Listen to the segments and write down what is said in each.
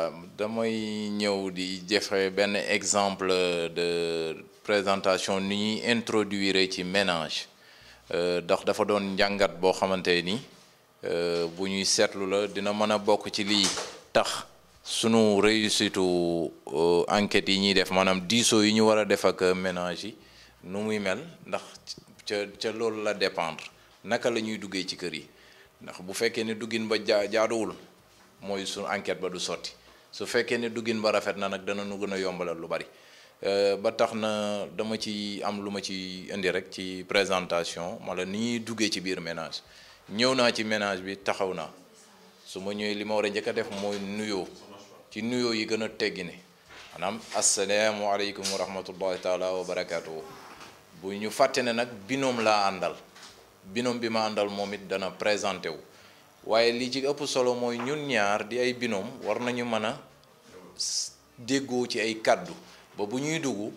Euh, damay ñëw di jëfe benn exemple de présentation ni ñuy introduire ci ménage euh, ndax dafa doon njàngat boo xamante ni euh, bu ñuy seetlu la dina mën a bokk ci lii tax sunu réussitu enquête yi ñuy def maanaam diisoo yi ñu war a def ak ménage yi nu muy mel ndax ca ca loolu la dépendre naka la ñuy duggee ci kër yi ndax bu fekkee ne duggin ba jaa jaaduwul mooy sunu enquête ba du sotti su fekkee ne duggin ba rafet na nag dana nu gën a yombalal lu bari euh, ba tax na dama ci am lu ma ci indi rek ci présentation wala ni ñuy duggee ci biir ménage ñëw naa ci ménage bi taxaw naa su ma ñëwee li ma war a njëkk a def mooy nuyoo ci nuyoo yi gën a teggi ne maanaam asalaamualeykum wa rahmatullahi taala wa barakaatu bu ñu fàtte ne nag binoom laa àndal binoom bi ma àndal moom it dana présenté wu waaye lii ci ëpp solo mooy ñun ñaar di ay binôme war nañu mën a déggoo ci ay kàddu ba bu ñuy dugg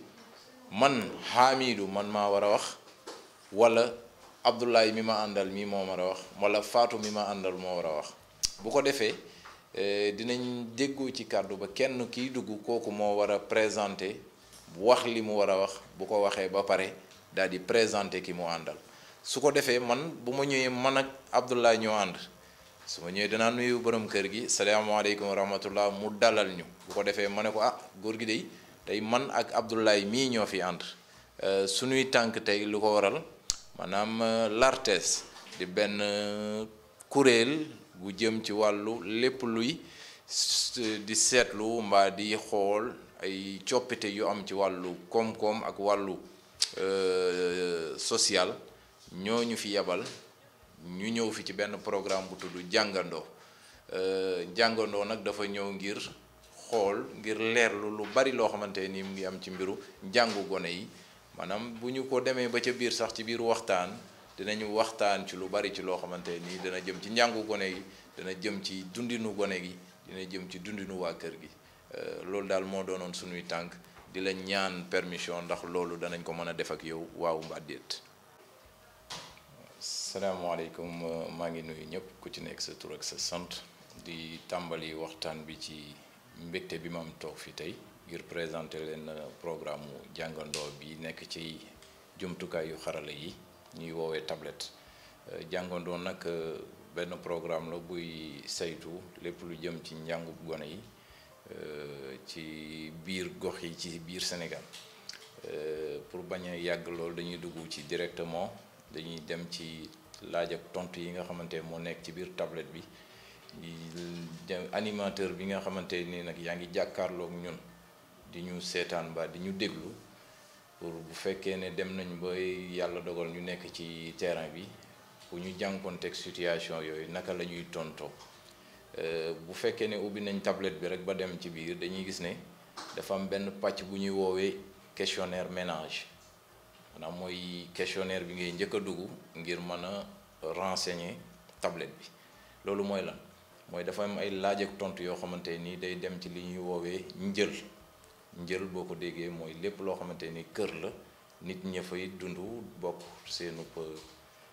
man Hamidou man maa war a wax wala Abdoulaye mi ma àndal mi moo war a wax wala faatu mi ma àndal moo war a wax bu ko defee eh, dinañ déggoo ci kàddu ba kenn kiy dugg kooku moo war a présenter wax li mu war a wax bu ko waxee ba pare daal di présenter ki mu àndal su ko defee man bu ma ñëwee man ak Abdoulaye ñoo ànd su ma ñëwee danaa nuyu borom kër gi salaamaaleykum wa rahmatullah mu dalal ñu bu ko defee ma ne ko ah góor gi dey tey man ak Abdoulaye mii ñoo fi ànd euh, suñuy tànk tey lu ko waral maanaam euh, l'ARTES di benn euh, kuréel bu jëm ci wàllu lépp luy di seetlu mbaa di xool ay coppite yu am ci wàllu koom-koom ak wàllu social ñooñu fi yebal ñu ñëw fi ci benn programme bu tudd jàngandoo euh, jàngandoo nag dafa ñëw ngir xool ngir leerlu lu bari loo xamante nii mu ngi am ci mbiru njàngu gone yi maanaam bu ñu ko demee ba ca biir sax ci biir waxtaan dinañu waxtaan ci lu bari ci loo xamante nii dana jëm ci njàngu gone yi dana jëm ci dundinu gone gi dina jëm ci dundinu waa kër gi euh, loolu daal moo doonoon suñuy tànk di la ñaan permission ndax loolu danañ ko mën a def ak yow waaw mbaa salaamaaleykum euh, maa ngi nuyu ñëpp ku ci nekk sa tur ak sa sant di tàmbali waxtaan bi ci mbégte bi ma am toog fi tey ngir présenter leen euh, programme mu jàngandoo bi nekk ci jumtukaay yu xarala yi ñuy woowe tablette euh, jàngandoo nag benn programme la buy saytu lépp lu jëm ci njàngub gone yi ci biir gox yi ci biir Sénégal pour bañ a yàgg loolu dañuy dugg ci directement dañuy dem ci laaj tontu yi nga xamante moo nekk ci biir tablette bi animateur bi nga xamante ni nag yaa ngi jàkkaarlook ñun di ñu seetaan ba di ñu déglu pour bu fekkee ne dem nañ ba yàlla dogal ñu nekk ci terrain bi bu ñu jànkoonteeg situation yooyu naka la ñuy tontoo euh, bu fekkee ne ubbi nañ tablette bi rek ba dem ci biir dañuy gis ne dafa am benn pàcc bu ñuy woowee questionnaire ménage naa mooy questionnaire bi ngay njëkk a dugg ngir mën a renseigner tablette bi loolu mooy lan mooy dafa am ay laaj ak tontu yoo xamante nii day dem ci li ñuy woowee njël njël boo ko déggee mooy lépp loo xamante ni kër la nit ña fay dund bokk seenu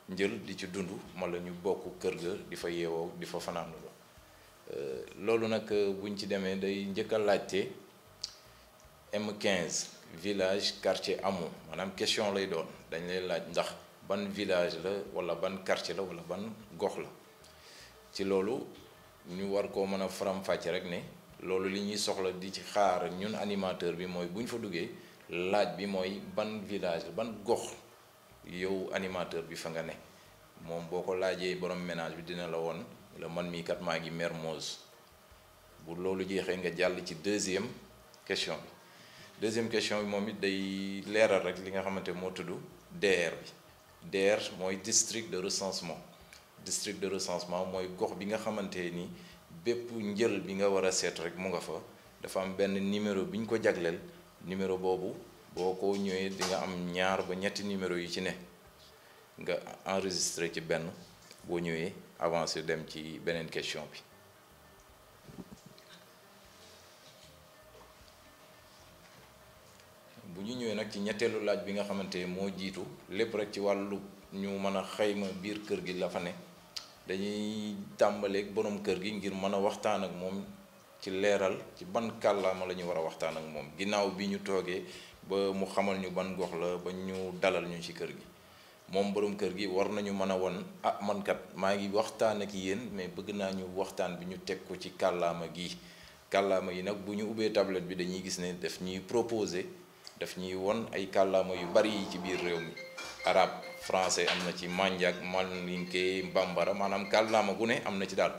njël di ci dund mala ñu bokk kër ga di fa yeewoo di fa fanaanu euh, la loolu nag euh, buñ ci demee day njëkk a laajte M15. village quartier amul maanaam question lay doon dañ lay laaj ndax ban village la wala ban quartier la wala ban gox la ci loolu ñu war koo mën a faram-fàcce rek ne loolu li ñuy soxla di ci xaar ñun animateur bi mooy bu ñu fa duggee laaj bi mooy ban village ban gox yow animateur bi fa nga ne moom boo ko laajee borom ménage bi dina la woon la man mii kat maa ngi Mermoz bu loolu jeexee nga jàll ci deuxième question bi. deuxième question bi moom it day leeral rek li nga xamante moo tudd DR bi DR mooy district de recensement district de recensement mooy gox bi nga xamante ni bépp njël bi nga war a seet rek mu nga fa dafa am benn numéro bi ñu ko jagleel numéro boobu boo ko ñëwee di am ñaar ba ñetti numéro yu ci ne nga enregistré ci benn boo ñëwee avancé dem ci beneen question bi bu ñu ñëwee nag ci ñetteelu laaj bi nga xamante moo jiitu lépp rek ci wàllu ñu mën a xayma biir kër gi la fa ne dañuy tàmbaleeg borom kër gi ngir mën a waxtaan ak moom ci leeral ci ban kàllaama la ñu war a waxtaan ak moom ginnaaw bi ñu toogee ba mu xamal ñu ban gox la ba ñu dalal ñu ci kër gi moom borom kër gi war nañu mën a won ah man kat maa ngi waxtaan ak yéen mais bëgg naa ñu waxtaan bi ñu teg ko ci kàllaama gi kàllaama yi nag bu ñu ubbee tablette bi dañuy gis ne daf ñuy proposer daf ñuy won ay kàllaama yu bari yi ci biir réew mi arab français am na ci manjak malinke mbambara maanaam kàllaama gu ne am na ci daal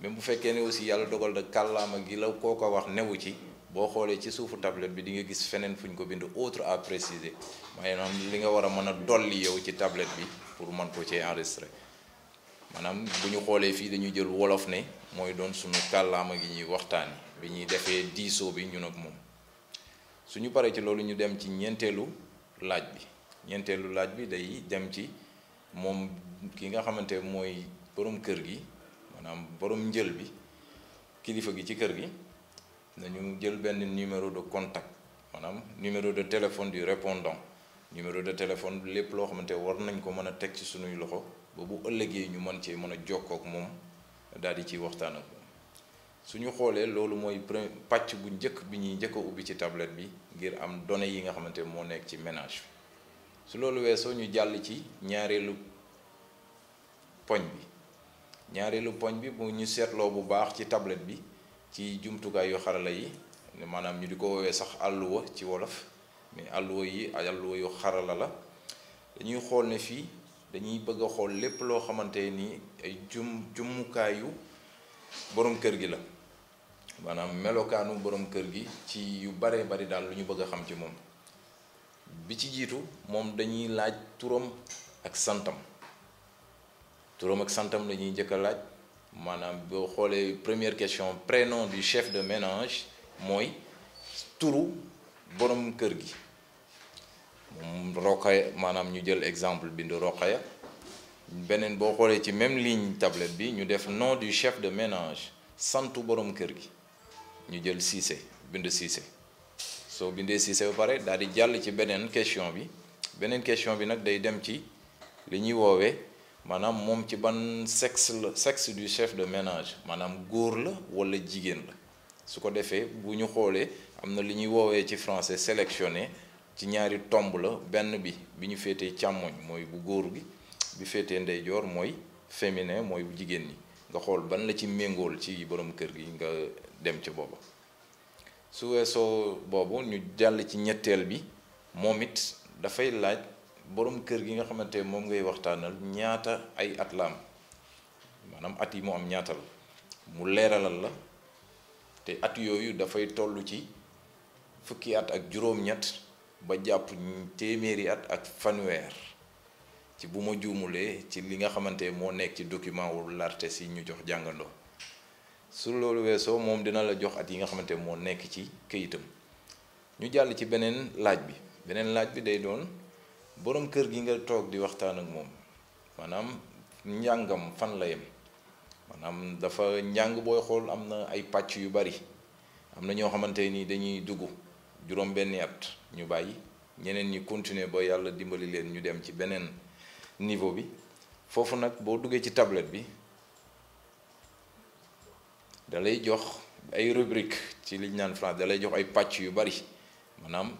même bu fekkee ne aussi yàlla dogal na kàllaama gi la koo ko wax newu ci boo xoolee ci suufu tablette bi di nga gis feneen fu ñu ko bind autre à préciser maanaam li nga war a mën a dolli ci tablette bi pour mën ko cee enregistré maanaam bu ñu xoolee fii dañuy jël wolof ne mooy doon sunu kàllaama gi ñuy waxtaani bi ñuy defee diisoo bi ñun ak moom suñu paree ci loolu ñu dem ci ñeenteelu laaj bi ñeenteelu laaj bi day dem ci moom ki nga xamante mooy borom kër gi maanaam borom njël bi kilifa gi ci kër gi nañu jël benn numéro de contact maanaam numéro de téléphone du répondant numéro de téléphone lépp loo xamante war nañ ko mën a teg ci suñuy loxo ba bu ëllëgee ñu mën cee mën a jokkook moom daal di ciy waxtaan su ñu xoolee loolu mooy premier pàcc bu njëkk bi ñuy njëkk ubbi ci tablette bi ngir am données yi nga xamante ne moo nekk ci ménage bi su loolu weesoo ñu jàll ci ñaareelu poñ bi ñaareelu poñ bi bu ñu seetloo bu baax ci tablette bi ci jumtukaay yu xarala yi maanaam ñu di ko woowee sax àlluwa ci wolof mais àlluwa yi àlluwa yu xarala la dañuy xool ne fii dañuy bëgg xool lépp loo xamante ni ay jum jumukaayu borom kër gi la maanaam melokaanu borom kër gi ci yu baree bari daal lu ñu bëgg a xam ci moom bi ci jiitu moom dañuy laaj turam ak santam turam ak santam lañuy ñuy njëkk a laaj maanaam boo xoolee première question prénom du chef de ménage mooy turu borom kër gi moom Roqaya maanaam ñu jël exemple bind Roqaya beneen boo xoolee ci même ligne tablette bi ñu def nom du chef de ménage santu borom kër gi ñu jël Cissé bind Cissé soo bindee Cissé ba pare daal di jàll ci beneen question bi beneen question bi nag day dem ci li ñuy woowee maanaam moom ci ban sexe du chef de ménage maanaam góor la walla jigéen la su ko defee bu ñu xoolee am na li ñuy woowee ci français sélectionné ci ñaari tomb la benn bi bi ñu féetee càmmoñ mooy bu góor gi bi féetee ndeyjoor mooy féminin mooy bu jigéen ñi nga xool ban la ci méngool ci borom kër gi nga dem ci booba su weesoo boobu ñu jàll ci ñetteel bi moom it dafay laaj boroom kër gi nga xamante moom ngay waxtaanal ñaata ay at la am maanaam at yi mu am ñaatal mu leeralal la te at yooyu dafay tollu ci fukki at ak juróom-ñett ba jàpp téeméeri at ak fanweer ci bu ma juumulee ci li nga xamante moo nekk ci document wu larte si ñu jox jàngandoo su loolu weesoo moom dina la jox at yi nga xamante moo nekk ci këyitam ñu jàll ci beneen laaj bi beneen laaj bi day doon boroom kër gi nga toog di waxtaan ak moom maanaam njàngam fan la yem maanaam dafa njàng booy xool am na ay pàcc yu bari am na ñoo xamante nii dañuy dugg juróom benni at ñu bàyyi ñeneen ñi continuer ba yàlla dimbali leen ñu dem ci beneen niveau bi foofu nag boo duggee ci tablette bi da jox ay rubrique ci liñ naan France da jox ay pàcc yu bari maanaam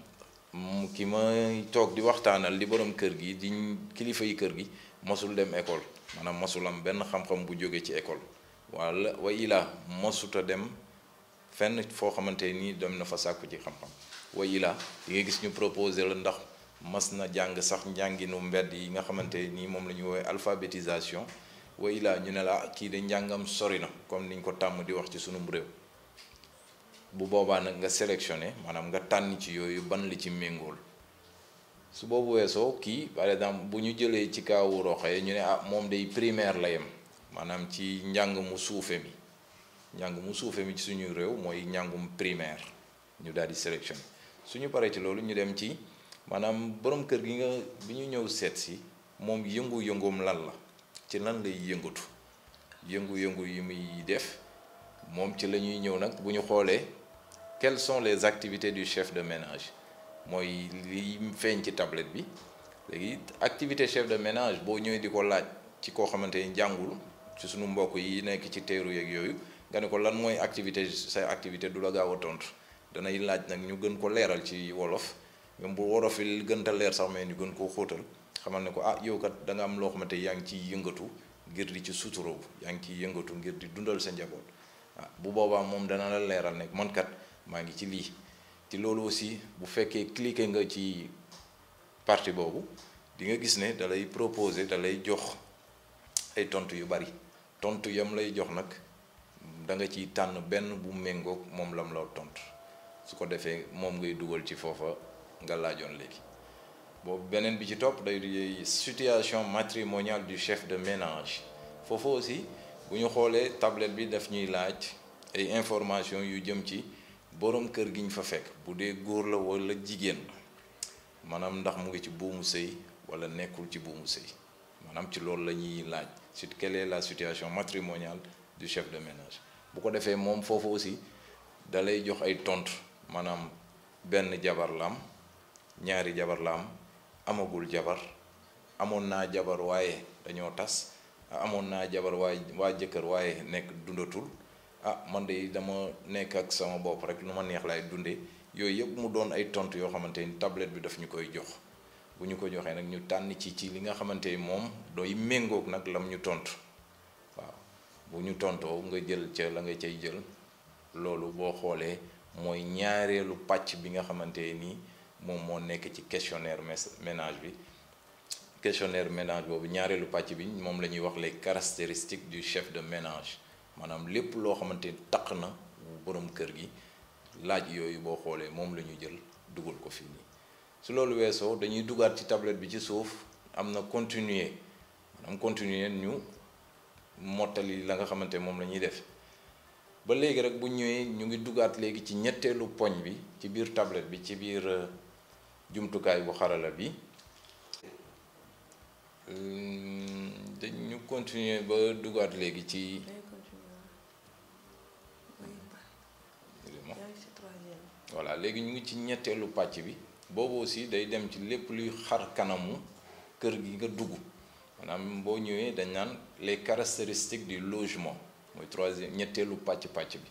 mm, ki may toog di waxtaanal di borom kër gi di kilifa yi kër gi masul dem école maanaam masul am benn xam-xam bu jóge ci école wala wa ilaa mosuta dem fenn foo xamante nii dem na fa sàkku ci xam-xam wa ilaa di nga gis ñu proposé la ndax mas na jàng sax njànginu mbedd yi nga xamante nii moom la ñu woowee alphabétisation wa ilaa ñu ne la kii de njàngam sori na comme niñ ko tàmm di wax ci sunum réew bu boobaa nag nga sélectionné maanaam nga tànn ci yooyu ban li ci méngool su boobu weesoo kii par exemple bu ñu jëlee ci kaawu roxee ñu ne ah moom day primaire la yem maanaam ci njàng mu suufe mi njàng mu suufe mi ci suñu réew mooy njàngum primaire ñu daldi di sélectionné suñu paree ci loolu ñu dem ci maanaam borom kër gi nga bi ñu ñëw seet si moom yëngu-yëngoom lan la ci lan lay yëngatu yëngu-yëngu yi muy def moom ci la ñuy ñëw nag bu ñu xoolee quelles son les activités du chef de ménage mooy li feeñ ci tablette bi léegi activités chef de ménage boo ñëwee di ko laaj ci koo xamante ni jàngul ci sunu mbokk yi nekk ci teeru yeeg yooyu nga ne ko lan mooy activités say activité du la gaaw a tontu danay laaj nag ñu gën ko leeral ci wolof même bu wolof li gën ta leer sax mais ñu gën koo xóotal xamal ne ko ah yow kat danga am loo xamate yaa ngi ciy yëngatu ngir di ci suturoo yaa ngi ciy yëngatu ngir di dundal sa njaboot ah bu boobaa moom dana la leeral ne man kat maa ngi ci lii ci loolu aussi bu fekkee cliquer nga ci partie boobu di nga gis ne dalay lay proposer da lay jox ay tont yu bari tontu yam lay jox nag danga nga ciy tànn benn bu méngoog moom lam la tontu su ko defee moom ngay dugal ci foofa nga laajoon léegi. boobu beneen bi ci topp day situation matrimoniale du chef de ménage foofu aussi bu ñu xoolee tablette bi daf ñuy laaj ay information yu jëm ci borom kër gi ñu fa fekk bu dee góor la wala jigéen la maanaam ndax mu ngi ci buumu sëy wala nekkul ci buumu sëy maanaam ci loolu la ñuy laaj sur quelle la situation matrimoniale du chef de ménage bu ko defee moom foofu aussi da lay jox ay tontu maanaam benn jabar la ñaari jabar la am amagul jabar amoon naa jabar waaye dañoo tas amoon naa jabar waaye waa jëkkër waaye nekk dundatul ah man de dama nekk ak sama bopp rek lu ma neex laay dunde yooyu yëpp mu doon ay tont yoo xamante ni tablette bi daf ñu koy jox bu ñu ko joxee nag ñu tànn ci ci li nga xamante ni moom dooy méngoog nag lam ñu tontu waaw bu ñu tontoo nga jël ca la nga cay jël loolu boo xoolee mooy ñaareelu pàcc bi nga xamante nii moom moo nekk ci questionnaire ménage bi questionnaire ménage boobu ñaareelu pàcc bi moom la ñuy wax les caractéristiques du chef de ménage maanaam lépp loo xamante ni taq na borom kër gi laaj yooyu boo xoolee moom la ñu jël dugal ko fii nii su loolu weesoo dañuy dugaat ci tablette bi ci suuf am na continuer maanaam continuer ñu mottali la nga xamante moom la ñuy def ba léegi rek bu ñëwee ñu ngi duggaat léegi ci ñetteelu poñ bi ci biir tablette bi ci biir euh, jumtukaay bu xarala bi dañu continuer ba dugaat léegi ci voilà léegi ñu ngi ci ñetteelu pàcc bi boobu aussi day dem ci lépp luy xar kanamu kër gi nga dugg maanaam boo ñëwee dañ naan les caractéristiques du logement mooy troisième ñetteelu pàcc pàcc bi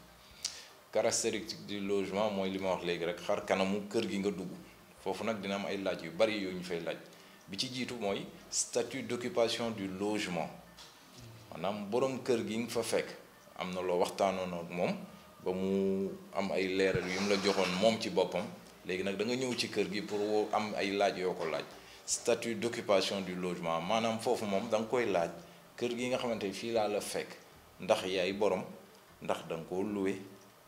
caractéristique du logement mooy li ma wax léegi rek xar kanamu kër gi nga dugg foofu nag dina am ay laaj yu bari yooyu ñu fay laaj bi ci jiitu mooy statut d'occupation du logement maanaam boroom kër gi nga fa fekk am na loo waxtaanoon ak moom ba mu am ay leeral yu mu la joxoon moom ci boppam léegi nag da nga ñëw ci kër gi pour woo am ay laaj yoo ko laaj statut d'occupation du logement maanaam foofu moom danga koy laaj kër gi nga xamante fii laa la fekk ndax yaay borom ndax da ko koo loué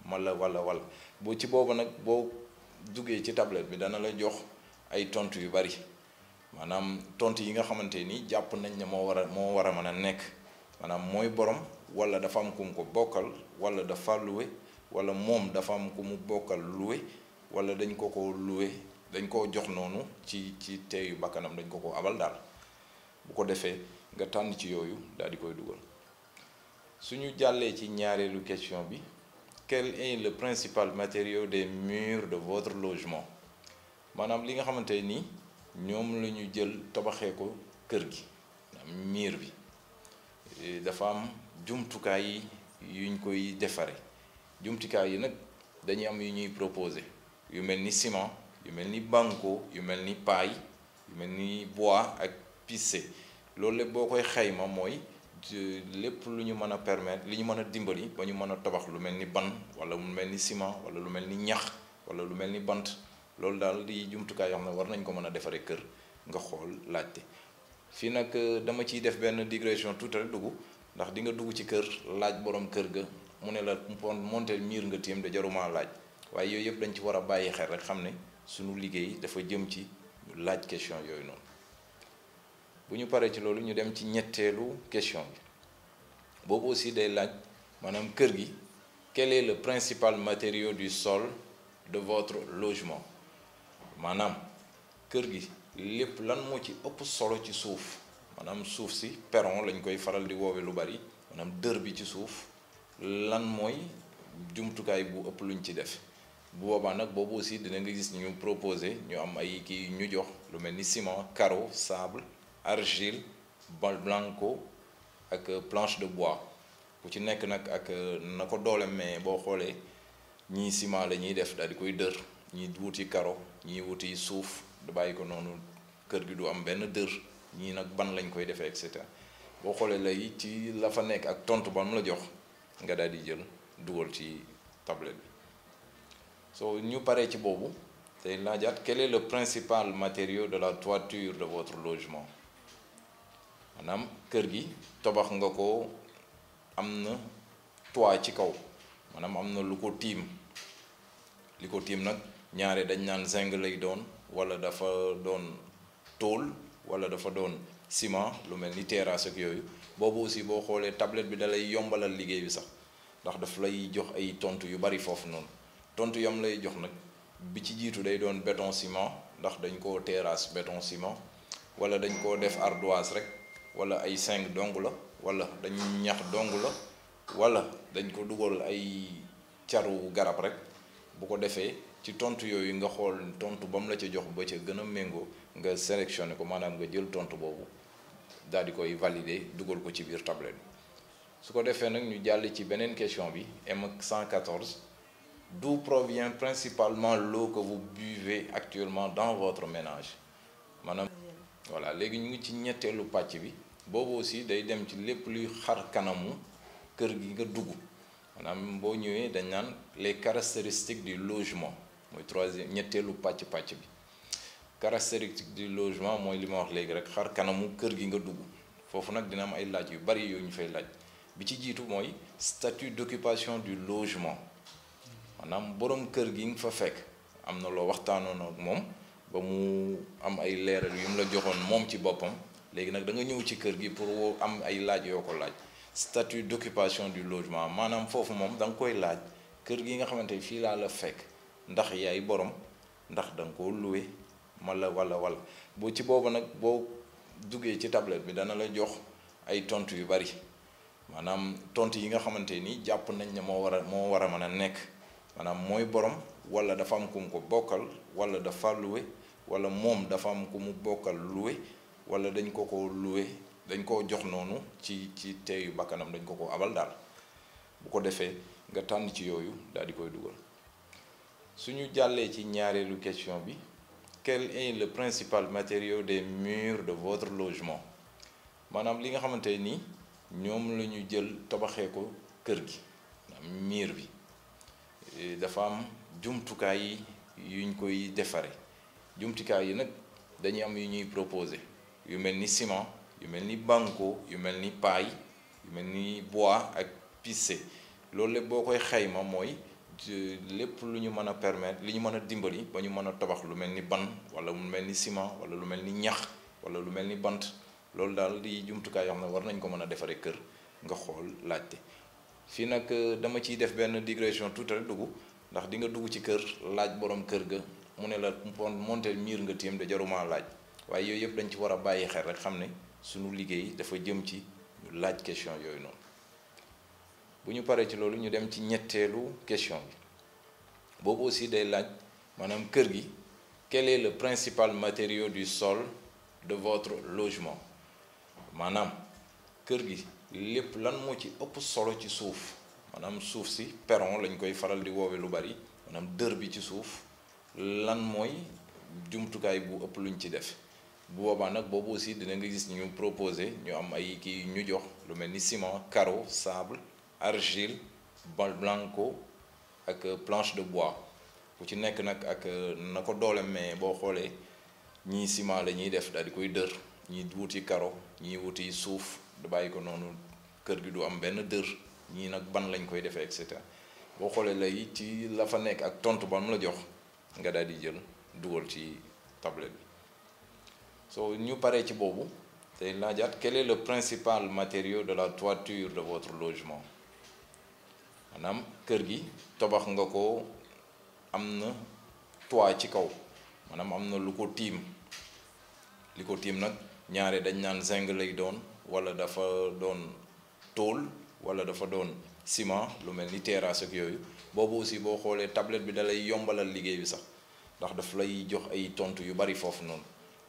mala walla wala boo ci boobu nag boo duggee ci tablette bi dana la jox ay tontu yu bari maanaam tontu yi nga xamante ni jàpp nañ ne moo war a moo war a mën a nekk maanaam mooy borom wala dafa am ku mu ko bokkal wala dafa luwe wala moom dafa am ku mu bokkal luwe wala dañ ko ko luwe dañ koo jox noonu ci ci teeyu bakkanam dañ ko ko abal daal bu ko defee nga tànn ci yooyu daal di koy dugal suñu jàllee ci ñaareelu question bi. quel est le principal matériau des murs de votre logement maanaam li nga xamante nii ñoom la ñu jël tabaxee ko kër gi miir bi dafa am jumtukaay yi yuñ koy defare jumtukaay yi nag dañuy am yu ñuy proposé yu mel ni ciment yu mel ni banco yu mel ni paille yu mel ni bois ak pisé loolu lépp boo koy xayma mooy lépp lu ñu mën a permettre li ñu mën a dimbali ba ñu mën a tabax lu mel ni ban wala lu mel ni ciment wala lu mel ni ñax wala lu mel ni bant loolu daal di jumtukaay yoo na war nañ ko mën a defaree kër nga xool laajte fii nag euh, dama ciy def benn digression tuuti rek dugg ndax di nga dugg ci kër laaj borom kër ga mu ne la monter miir nga tiim de jarumaa laaj waaye yooyu yëpp dañ ci war a bàyyi xel rek xam ne sunu liggéey dafa jëm ci laaj question yooyu noonu. bu ñu paree ci loolu ñu dem ci ñetteelu question bi boobu aussi day laaj maanaam kër gi quel est le principal matériau du sol de votre logement maanaam kër gi lépp lan moo ci ëpp solo ci suuf maanaam suuf si perron lañ koy faral di woowe lu bari maanaam dër bi ci suuf lan mooy jumtukaay bu ëpp luñ ci def bu boobaa nag boobu aussi dina nga gis ñu proposé ñu am ay ki ñu jox lu mel ni ciment carreau sable argile bal blanco ak euh, planche de bois ku ci nekk nag ak euh, na ko doole mais boo xoolee ñii ciment la ñuy def daal di koy dër ñii wuti karo ñii wuti suuf da bàyyi ko noonu kër gi du am benn dër ñii nag ban lañ koy defee et cetera boo xoolee lay ci la fa nekk ak tontu ba mu la jox nga daal di jël dugal ci tablette bi soo ñu paree ci boobu tey laajaat quel est le principal matériau de la toiture de votre logement maanaam kër gi tabax nga ko am na toit ci kaw maanaam am na lu ko tiim li ko tiim nag ñaare dañ naan zinc lay doon wala dafa doon tôle wala dafa doon ciment lu mel ni terrasse yooyu boobu aussi boo xoolee tablette bi da lay yombalal liggéey sax ndax daf lay jox ay tontu yu bari foofu noonu tontu yam lay jox nag bi ci jiitu day doon beton ciment ndax dañ koo terrasse béton ciment wala dañ koo def ardoise rek. wala ay cinq dong la wala dañu ñax dong la wala dañ ko dugal ay caru garab rek bu ko defee ci tontu yooyu nga xool tontu ba la ca jox ba ca gën a méngoo nga sélectionné ko maanaam nga jël tontu boobu daal di koy valider dugal ko ci biir tablette bi su ko defee nag ñu jàll ci beneen question bi M 114 du provient principalement l'eau que vous buvez actuellement dans votre ménage maanaam voilà léegi ñu ngi ci ñetteelu pàcc bi boobu aussi day dem ci lépp luy xar kanamu kër gi nga dugg maanaam boo ñëwee dañ naan les caractéristiques du logement mooy troisième ñetteelu pàcc pàcc bi caractéristique du logement mooy li ma wax léegi rek xar kanamu kër gi nga dugg foofu nag dina am ay laaj yu bari yooyu ñu fay laaj bi ci jiitu mooy statut d'occupation du logement maanaam borom kër gi nga fa fekk am na loo waxtaanoon ak moom ba mu am ay leeral yu mu la joxoon moom ci boppam. léegi nag da nga ñëw ci kër gi pour am ay laaj yoo ko laaj statu d'occupation du logement maanaam foofu moom danga koy laaj kër gi nga xamante ni fii laa la fekk ndax yaay borom ndax da ko luwe loué mala wala wala boo ci boobu nag boo duggee ci tablette bi dana la jox ay tontu yu bari maanaam tontu yi nga xamante ni jàpp nañ ne moo war a moo war a mën a nekk maanaam mooy borom wala dafa am ku mu ko bokkal wala dafa loué wala moom dafa am ku mu bokkal loué wala dañ ko ko loué dañ ko jox noonu ci ci teeyu bakkanam dañ ko ko abal daal bu ko defee nga tànn ci yooyu daal di koy dugal suñu jàllee ci ñaareelu question bi quel est le principal matériau des murs de votre logement maanaam li nga xamante nii ñoom la ñu jël tabaxee ko kër gi miir bi e, dafa am jumtukaay yi yuñ koy defare jumtukaay yi nag dañuy am yu ñuy proposé yu mel ni ciment yu mel ni banco yu mel ni paille yu mel ni bois ak pisé loolu lépp boo koy xayma mooy lépp lu ñu mën a permettre li ñu mën a dimbali ba ñu mën a tabax lu mel ni ban wala lu mel ni ciment wala lu mel ni ñax wala lu mel ni bant loolu daal di jumtukaay yoo na war nañ ko mën a defaree kër nga xool laajte fii nag euh, dama ciy def benn digression tuuti rek dugg ndax di nga dugg ci kër laaj borom kër ga mu ne la monte miir nga tiim de jarumaa laaj waaye yooyu yëpp dañ ci war a bàyyi xel rek xam ne sunu liggéey dafa jëm ci ñu laaj question yooyu noonu bu ñu paree ci loolu ñu dem ci ñetteelu question bi boobu aussi day laaj maanaam kër gi quel le principal matériau du sol de votre maanaam kër gi lépp lan moo ci ëpp solo ci suuf maanaam suuf si perron lañ koy faral di woowe lu bari maanaam dër bi ci suuf lan mooy jumtukaay bu ëpp luñ ci def bu boobaa nag boobu aussi dina nga gis ñu proposé ñu am ay kii ñu jox lu mel ni ciment carreau sable argile bal blanco ak planche de bois ku ci nekk nag ak euh, na ko doole mais boo xoolee ñii ciment la ñuy def daal di koy dër ñii wuti carreau ñii wuti suuf du bàyyi ko noonu kër gi du am benn dër ñii nag ban lañ koy defee et cetera boo xoolee lay ci la fa nekk ak tontu ba mu la jox nga daal di jël dugal ci tablette bi. so ñu paree ci boobu tey laajaat quel est principal matériau de la toiture de votre logement maanaam kër gi tobax nga ko am na toit ci kaw maanaam am na lu ko tiim li ko tiim nag ñaare dañ naan zinc lay doon wala dafa doon tôle wala dafa doon ciment lu mel ni terrasse yooyu boobu aussi boo xoolee tablette bi da lay yombalal liggéeyu sax ndax daf lay jox ay tontu yu bari foofu noonu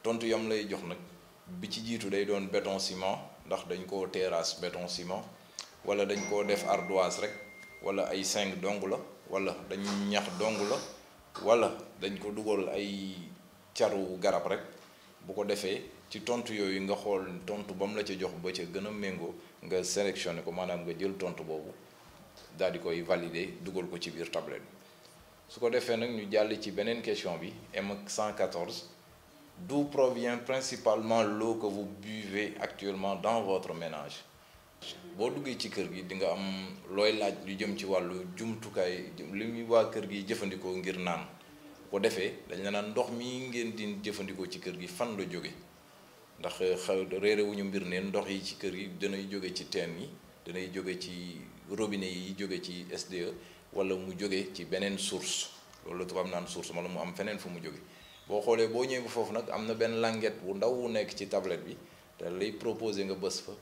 tontu yam lay jox nag bi ci jiitu day doon béton ciment ndax dañ koo terrasse béton ciment wala dañ koo def ardoise rek wala ay seng dong la wala dañ ñax dong la wala dañ ko dugal ay caru garab rek bu ko defee ci tontu yooyu nga xool tontu ba la ca jox ba ca gën a méngoo nga sélectionné ko maanaam nga jël tontu boobu daal di koy valider dugal ko ci biir tablette bi su ko defee nag ñu jàll ci beneen question bi M114. d'où provient principalement l'eau ko bu buvez actuellement dans votre ménage boo duggee ci kër gi di nga am looy laaj lu jëm ci wàllu jumtukaay li muy waa kër gi jëfandikoo ngir naan ko defee dañ la naan ndox mi ngeen di jëfandikoo ci kër gi fan la jóge ndax eh, xaw mbir ne ndox yi ci kër gi danay jóge ci teen yi danay jóge ci robine yi jóge ci SDE wala mu jóge ci beneen source loolu la tubaab naan source wala mu am feneen fu mu jóge boo xoolee boo ñëwee ba foofu nag am na benn languette wu ndaw wu nekk ci tablette bi te lay proposé nga bës fa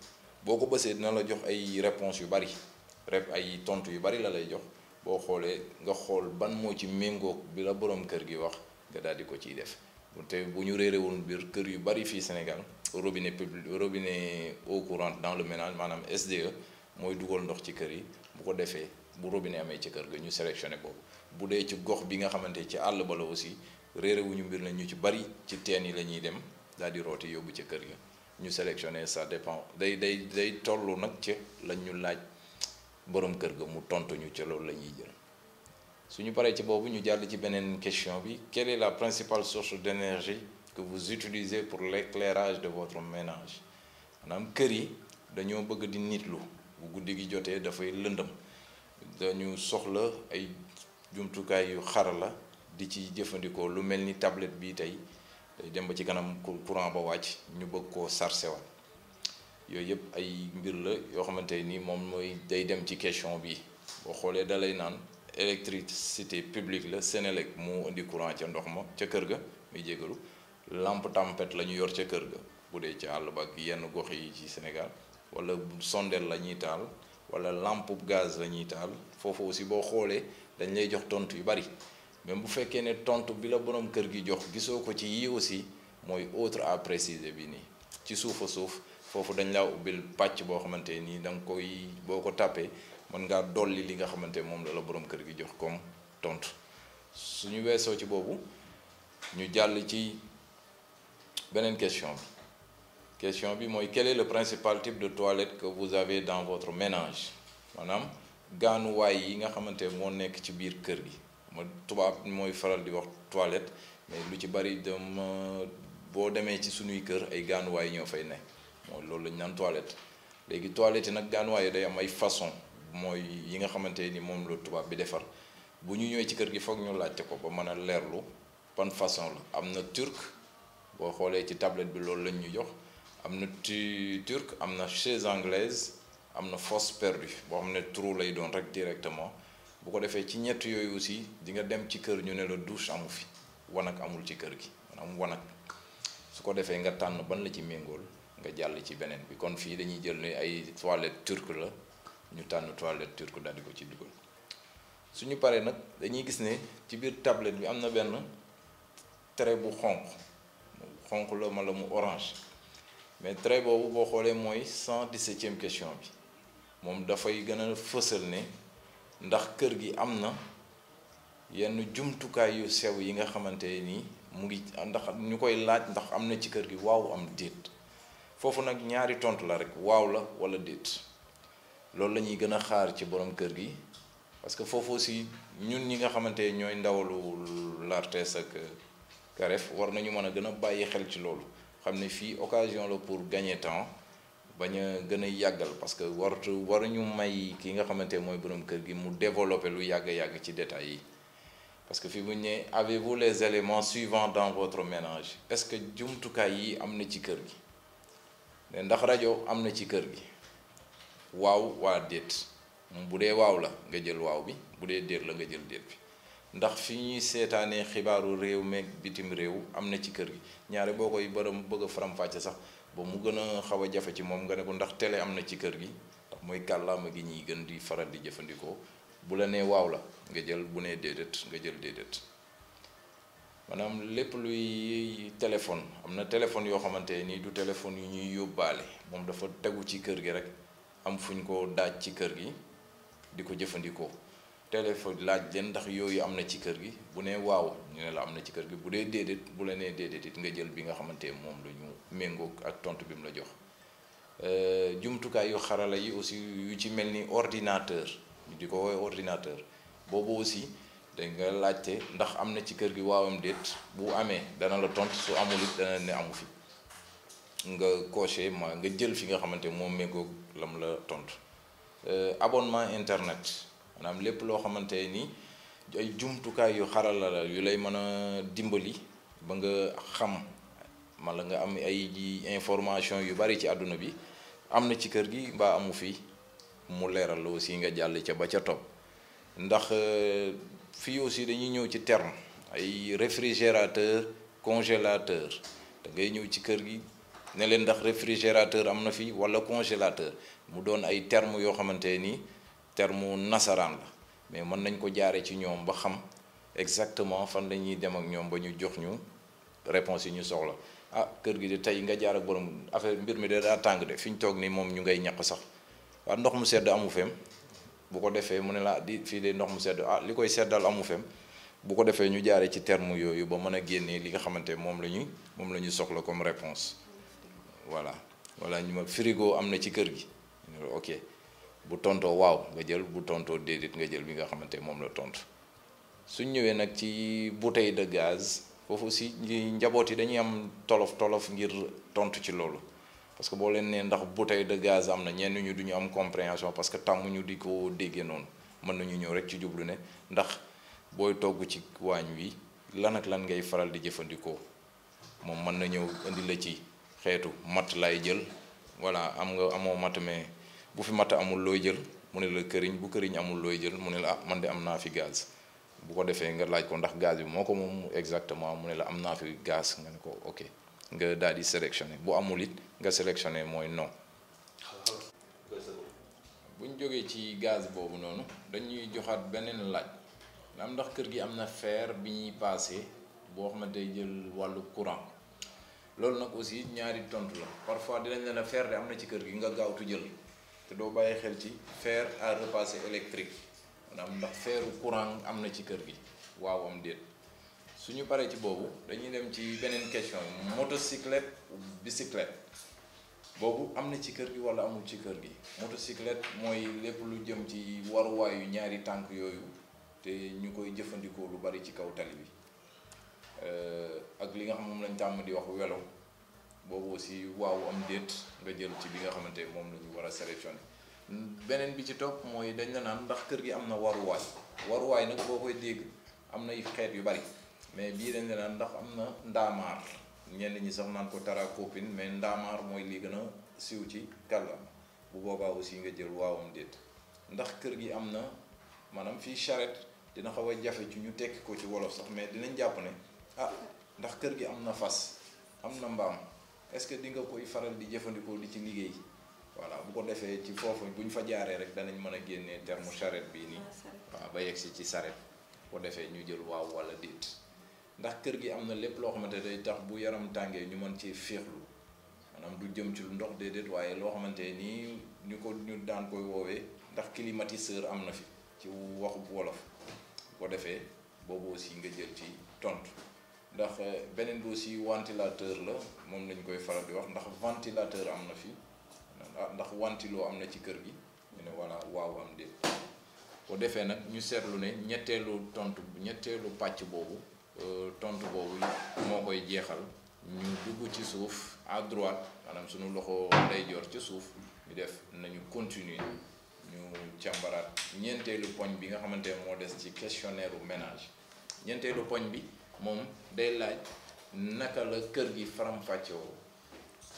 boo ko bësee dina la jox ay réponse yu bari rep ay tontu yu bari la lay jox boo xoolee nga xool ban moo ci méngoog bi la borom kër gi wax nga daal di ko ciy def te bu ñu réeré woon biir kër yu bari fii Sénégal robinet public robinet eau courante dans le ménage maanaam SDE mooy dugal ndox ci kër yi bu ko defee bu robinet amee ci kër ga ñu sélectionné boobu bu dee ci gox bi nga xamante ci àll ba aussi réere wuñu mbir la ñu ci bari ci teen yi la ñuy dem daal di rooti yóbbu ca kër gi ñu sélectionné ça dépend day day day tollu nag ca lañ ñu laaj borom kër ga mu tontu ñu ca loolu la ñuy jël suñu paree ci boobu ñu jàll ci beneen question bi quelle la principale source d'énergie que vous utilisez pour l'éclairage de votre ménage maanaam kër yi dañoo bëgg di nit lu bu guddi gi jotee dafay lëndëm dañu soxla ay jumtukaay yu xarala di ci jëfandikoo lu mel ni tablette bii tey day dem ba ci kanam courant ba wàcc ñu bëgg koo sarse yooyu yëpp ay mbir la yoo xamante nii moom mooy day dem ci question bi boo xoolee da lay naan électricité publique la Sénélec moo indi courant ca ndox ma ca kër ga muy jégalu lampe tempête la ñu yor ca kër ga bu dee ci àll ba ak yenn gox yi ci Sénégal wala sondeel la ñuy taal wala lampe gaz la ñuy taal foofu aussi boo xoolee dañ lay jox tontu yu bari même bu fekkee ne tontu bi la borom kër gi jox gisoo ko ci yii aussi mooy autre à préciser bi nii ci suufa suuf foofu dañ laa ubbil pàcc boo xamante nii danga koy boo ko tàppee mën ngaa dolli li nga xamante moom la la borom kër gi jox comme tont suñu weesoo ci boobu ñu jàll ci beneen question bi question bi mooy quel est le principal type de toilette que vous avez dans votre ménage maanaam gaanuwaay yi nga xamante moo nekk ci biir kër gi ma tubaab mooy faral di wax toilette mais lu ci bari dama euh, boo demee ci suñuy kër ay gaanuwaay ñoo fay ne mooy loolu lañu naan toilette léegi toilette yi nag gaanuwaay day am ay façon mooy yi nga xamante ni moom la tubaab bi defar bu ñu ñëwee ci kër gi foog ñu laajte ko ba mën a leerlu ban façon la am na turc boo xoolee ci tablette bi loolu lañ ñu jox am na turc am na chaise anglaise am na fosse perdue boo xam ne trou lay doon rek directement bu ko defee ci ñett yooyu aussi di nga dem ci kër ñu ne la douche amu fi wanag amul ci kër gi maanaam wanag su ko defee nga tànn ban la ci méngool nga jàll ci beneen bi kon fii dañuy jël ne ay toilette turque la ñu tànn toilette turque daal ko ci dugal suñu paree nag dañuy gis ne ci biir tablette bi am na benn trait bu xonq xonq la ma la mu orange mais trait boobu boo xoolee mooy cent dix-septième question bi moom dafay gën a fësal ne ndax kër gi am na yenn jumtukaay yu sew yi nga xamante nii mu ngi ndax ñu koy laaj ndax am na ci kër gi waaw am déet foofu nag ñaari tontu la rek waaw la walla déet loolu lañuy gën a xaar ci borom kër gi parce que foofu aussi ñun ñi nga xamante ñooy ndawalu l'ARTES ak CAREF war nañu mën a gën a bàyyi xel ci loolu xam ne fii occasion la pour gagner temps bañ a gën a yàggal parce que waratu waruñu may ki nga xamante mooy borom kër gi mu développer lu yàgg-yàgg ci détails yi parce que fii bu ñëwee ne avez les éléments suivant dans votre ménage est-ce que jumtukaay yi am na ci kër gi ne ndax rajo am na ci kër gi waaw waa déet bu dee waaw la nga jël waaw bi bu dee déet la nga jël déet bi ndax fi ñuy seetaanee xibaaru réew meeg bitim réew am na ci kër gi ñaare boo koy bërëm bëgg a fàcce sax ba mu gën a xaw a jafe ci moom nga ne ko ndax télé am na ci kër gi ndax mooy kàllaama gi ñuy gën di faral di jëfandikoo bu la nee waaw la nga jël bu nee déedéet nga jël déedéet maanaam lépp luy téléphone am na téléphone yoo xamante nii du téléphone yu ñuy yóbbaale moom dafa tegu ci kër gi rek am fuñ ko daaj ci kër gi di ko jëfandikoo téléphone laaj leen ndax yooyu am na ci kër gi bu nee waaw ñu ne la am na ci kër gi bu dee déedéet bu la nee déedéet it nga jël bi nga xamante moom la ñu méngoog ak tontu bi mu la jox euh, jumtukaay yu xarala yi aussi yu ci mel ni ordinateur ñu di ko woowee ordinateur boobu aussi dañ nga laajte ndax am na ci kër gi waawam déet bu amee dana la tontu su amul it dana ne amu fi nga coché ma nga jël fi nga xamante moom méngoog lam la tontu euh, abonnement internet. maanaam lépp loo xamante ni ay jumtukaay yu xarala yu lay mën a dimbali ba nga xam man la nga am ay information yu bari ci àdduna bi am na ci kër gi mbaa amu fi mu leeral la aussi nga jàll ca ba ca topp ndax euh, fii aussi dañuy ñëw ci terme ay réfrigérateur congélateur da ngay ñëw ci kër gi ne leen ndax réfrigérateur am na fi walla congélateur mu doon ay terme yoo xamante nii terme nasaraan la mais mën nañ ko jaaree ci ñoom ba xam exactement fan la ñuy dem ak ñoom ba ñu jox ñu réponse yi ñu soxla ah kër gi de tey nga jaar ak borom affaire mbir mi de daa tàng de fi ñu toog nii moom ñu ngay ñaq sax waaw ndox mu sedd amu fem bu ko defee mu ne la di fii de ndox mu sedd ah li koy seddal amu fem bu ko defee ñu jaare ci terme yooyu ba mën a génnee li nga xamante moom la ñuy moom la ñu soxla comme réponse voilà voilà ñu ma frigo am na ci kër gi bu tontoo waaw nga jël bu tontoo déedéet nga jël bi nga xamante moom la tontu suñ ñëwee nag ci bouteille de gaz foofu aussi njaboot yi dañuy am tolof tolof ngir tontu ci loolu parce que boo leen nee ndax bouteille de gaz am na ñenn ñu duñu am compréhension parce que ñu di ko déggee noonu mën nañu ñëw rek ci jublu ne ndax booy togg ci waañ wi lan ak lan ngay faral di jëfandikoo moom mën na ñëw indi la ci xeetu matt lay jël voilà am nga amoo matt mais bu fi matt amul looy jël mu ne la këriñ bu këriñ amul looy jël mu ne la ah man de am naa fi gaz bu ko defee nga laaj ko ndax gaz bi moo ko moom exactement mu ne la am naa fi gaz nga ne ko ok nga daal di sélectionné bu amul it nga sélectionné mooy non. bu ñu jógee ci gaz boobu noonu dañuy joxaat beneen laaj am ndax kër gi am na fer bi ñuy paase boo xam ne day jël wàllu courant loolu nag aussi ñaari tontu la parfois dinañ leen fer de na ci kër gi nga gaawtu jël. te doo bàyyi xel ci fer à repasser électrique maanaam ndax feeru courant am na ci kër gi waaw am déet suñu paree ci boobu dañuy dem ci beneen question motocyclette bicyclette boobu am na ci kër gi walla amul ci kër gi motocyclette mooy lépp lu jëm ci waruwaayu ñaari tànk yooyu te ñu koy jëfandikoo lu bari ci kaw tali bi euh, ak li nga xam moom lañ tàmm di wax welo boobu aussi waaw am déet nga jël ci bi nga xamante moom lañu war a sélectionné beneen bi ci topp mooy dañ la naan ndax kër gi am na waruwaay waruwaay nag boo koy dégg am nay xeet yu bari mais bii dañ naan ndax am na ndaamaar ñenn ñi sax naan ko tara copine mais ndaamaar mooy li gën a siiw ci kàllam bu boobaa aussi nga jël waaw déet ndax kër gi am na maanaam fii charrette dina xaw a jafe ci ñu tekki ko ci wolof sax mais dinañ jàpp ne ah ndax kër gi am na fas am na mbaam. est-ce que di nga koy faral di jëfandikoo di ci liggéey voilà bu ko defee ci foofu buñ ñu fa jaaree rek danañ mën a génnee terme charrette bii nii ah, waaw ba yegg si ci charrette bu ko defee ñu jël waaw wala déet ndax kër gi am na lépp loo xamante day tax bu yaram tàngee ñu mën ci féexlu maanaam du jëm ci lu ndox déedéet waaye loo xamante nii ñu ko ñu daan koy woowee ndax climatiseur am na fi ci waxu wolof bu ko defee boobu aussi nga jël ci tontu. ndax euh, beneen bi aussi ventilateur la moom lañ koy faral di wax ndax ventilateur am na fii ah, ndax wantiloo am na ci kër gi ñu ne voilà waaw am déet bu defee nag ñu seetlu ne ñetteelu tontu ñetteelu pàcc boobu euh, tontu boobu moo koy jeexal ñu dugg ci suuf à droite suñu loxo ndeyjoor ci suuf ñu def nañu continuer ñu càmbaraat ñeenteelu poñ bi nga xamante moo des ci questionnaire u ménage ñeenteelu poñ bi moom day laaj naka la kër gi faramfàccewoo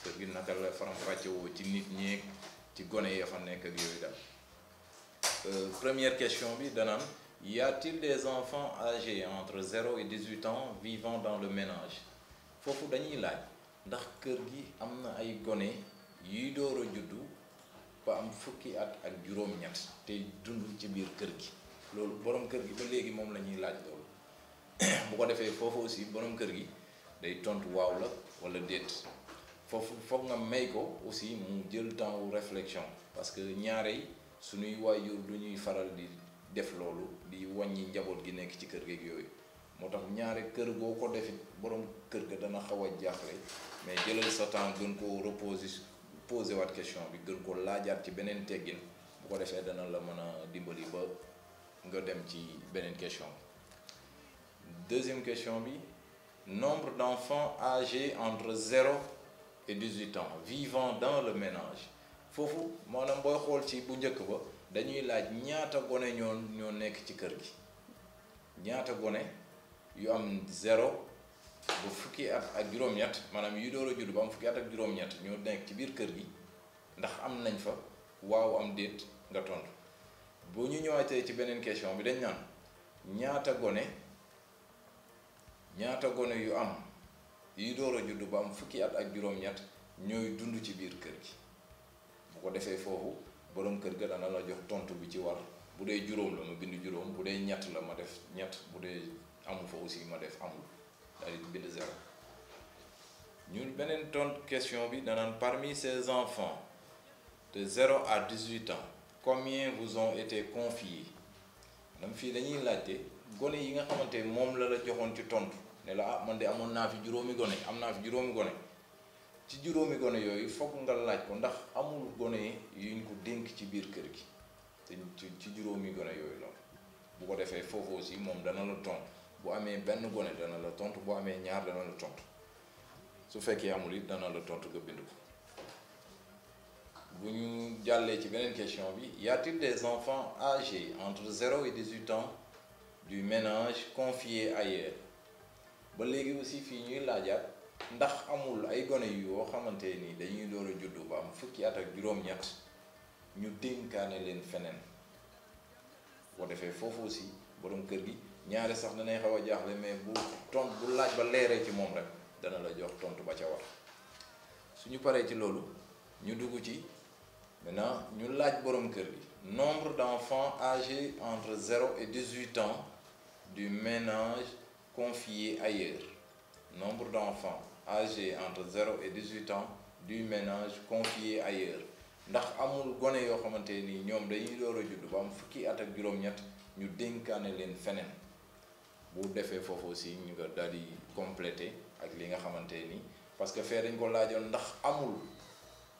kër gi naka la faram-fàccewoo ci nit ñeeg ci gone ya fa nekk ak yooyu daal euh, première question bi danaan y a-t-il des enfants âgés entre 0 et 18 ans vivant dans le ménage foofu dañuy laaj ndax kër gi am na ay gone yuy door a juddu ba am fukki at ak juróom-ñett te dund ci biir kër gi loolu borom kër gi ba léegi moom la ñuy laaj loolu bu ko defee foofu aussi borom kër gi day tontu waaw la wala déet foofu foog nga may ko aussi mu jël temps wu réflexion parce que ñaare yi suñuy waajur du ñuy faral di def loolu di wàññi njaboot gi nekk ci kër geeg yooyu moo tax ñaare kër goo ko def borom kër ga dana xaw a jaaxle mais jëlal sa temps gën ko reposer posé waat question bi gën ko laajaat ci beneen teggin bu ko defee dana la mën a dimbali ba nga dem ci beneen question deuxième question bi nombre d'enfants âgés entre zéro et dix-huit ans vivant dans le ménage foofu maanaam booy xool ci bu njëkk ba dañuy laaj ñaata gone ñoo ñoo nekk ci kër gi ñaata gone yu am zéro ba fukki at ak juróom-ñett maanaam yu door a ba am fukki at ak juróom-ñett ñoo nekk ci biir kër gi ndax am nañ fa waaw am déet nga tontu bu ñu ñëwaatee ci beneen question bi dañ naan ñaata gone. ñaata gone yu am yuy door a juddu ba am fukki at ak juróom-ñett ñooy dund ci biir kër gi bu ko defee foofu borom kër ga dana la jox tontu bi ci war bu dee juróom la ma bind juróom bu dee ñett la ma def ñett bu dee amu fa aussi ma def amul daal di bind zéro ñun beneen tontu question bi danaan parmi ces enfants te zéro à dix-huit ans combien vous ont été confiés maanaam fii dañuy laajte gone yi nga xamante moom la la joxoon ci tontu. ne la ah man de amoon naa fi juróomi gone am naa fi juróomi gone ci juróomi gone yooyu foog nga laaj ko ndax amul gone yuñ ko dénk ci biir kër gi te ci juróomi gone yooyu noonu bu ko defee foofu aussi moom dana la tontu bu amee benn gone dana la tontu bu amee ñaar dana la tontu su fekkee amul it dana la tontu nga bind ko bu ñu jàllee ci beneen question bi y a-t-il des enfants âgés entre 0 et 18 ans du ménage confiés ailleurs ba léegi aussi fii ñuy laajaat ndax amul ay gone yoo xamante ni dañuy door a juddu ba am fukki at ak juróom-ñett ñu dénkaane leen feneen boo defee foofu aussi borom kër gi ñaari sax danay xaw a jaaxle mais bu tont bu laaj ba leeree ci moom rek dana la jox tontu ba ca war suñu paree ci loolu ñu dugg ci maintenant ñu laaj borom kër gi nombre d'enfants âgés entre zéro et dix-huit ans du ménage confiés ailleurs. Nombre d'enfants âgés entre 0 et 18 ans du ménage confiés ailleurs ndax amul gone yoo xamante ni ñoom dañuy door a judd ba am fukki at ak juróom-ñett ñu dénkaane leen feneen bu defee foofu aussi ñu nga daal di complété ak li nga xamante ni parce que fee dañ ko laajoon ndax amul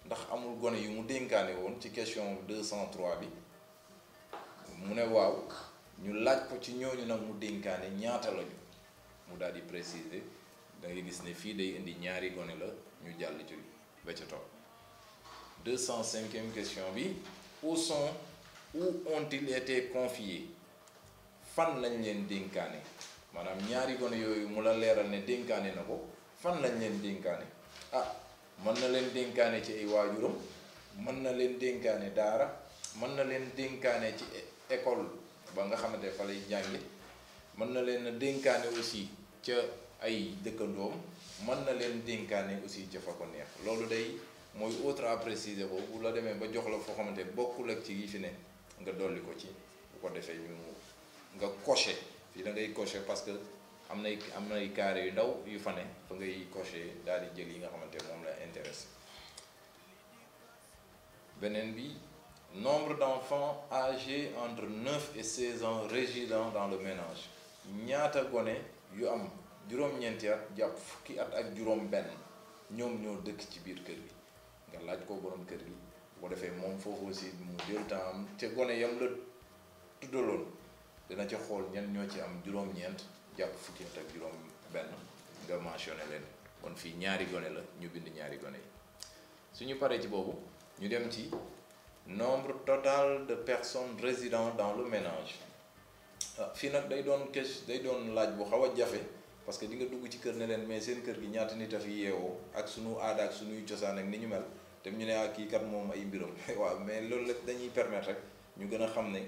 ndax amul gone yu mu dénkaane woon ci question 203 bi mu ne waaw ñu laaj ko ci ñooñu nag mu dénkaane ñaata lañu mu daal di préciser da gis ne fii day indi ñaari gone la ñu jàll ci ba ca topp deux cent cinquième question bi où sont où ont-ils été fan lañ leen dénkaane maanaam ñaari gone yooyu mu la leeral ne dénkaane na ko fan lañ leen dénkaane ah mën na leen dénkaane ci ay waajuram mën na leen dénkaane daara mën na leen dénkaane ci école ba nga xamante fa lay jànge mën na leen dénkaane aussi ca ay dëkkandoom mën na leen dénkaane aussi jëfa ko neex loolu day mooy autre à préciser boobu la demee ba jox la foo xamante bokkul ak ci yi fi ne nga dolli ko ci bu ko defee ñu nga coché fii da ngay coché parce que am nay am nay carré yu ndaw yu fa ne fa ngay coché daal di jël yi nga xamante moom la intéressé beneen bi nombre d'enfants âgés entre 9 et 16 ans résident dans le ménage ñaata gone yu am juróom-ñeenti at jàpp fukki at ak juróom-benn ñoom ñoo dëkk ci biir kër gi nga laaj ko borom kër gi bu ko defee moom foofu aussi mu jël am te gone yam la tuddaloon dina ci xool ñan ñoo ci am juróom-ñeent jàpp fukki at ak juróom-benn nga mentionné leen kon fii ñaari gone la ñu bind ñaari gone yi suñu paree ci boobu ñu dem ci nombre total de personne résidant dans le ménage. ah fii nag day doon kes day doon laaj bu xaw a jafe parce que di nga dugg ci kër ne leen mais seen kër gi ñaata nit a fi yeewoo ak sunu aada ak sunuy cosaan ak ni ñu mel te ñu ne ah kii kat moom ay mbiram waaw mais loolu la dañuy permettre rek ñu gën a xam ne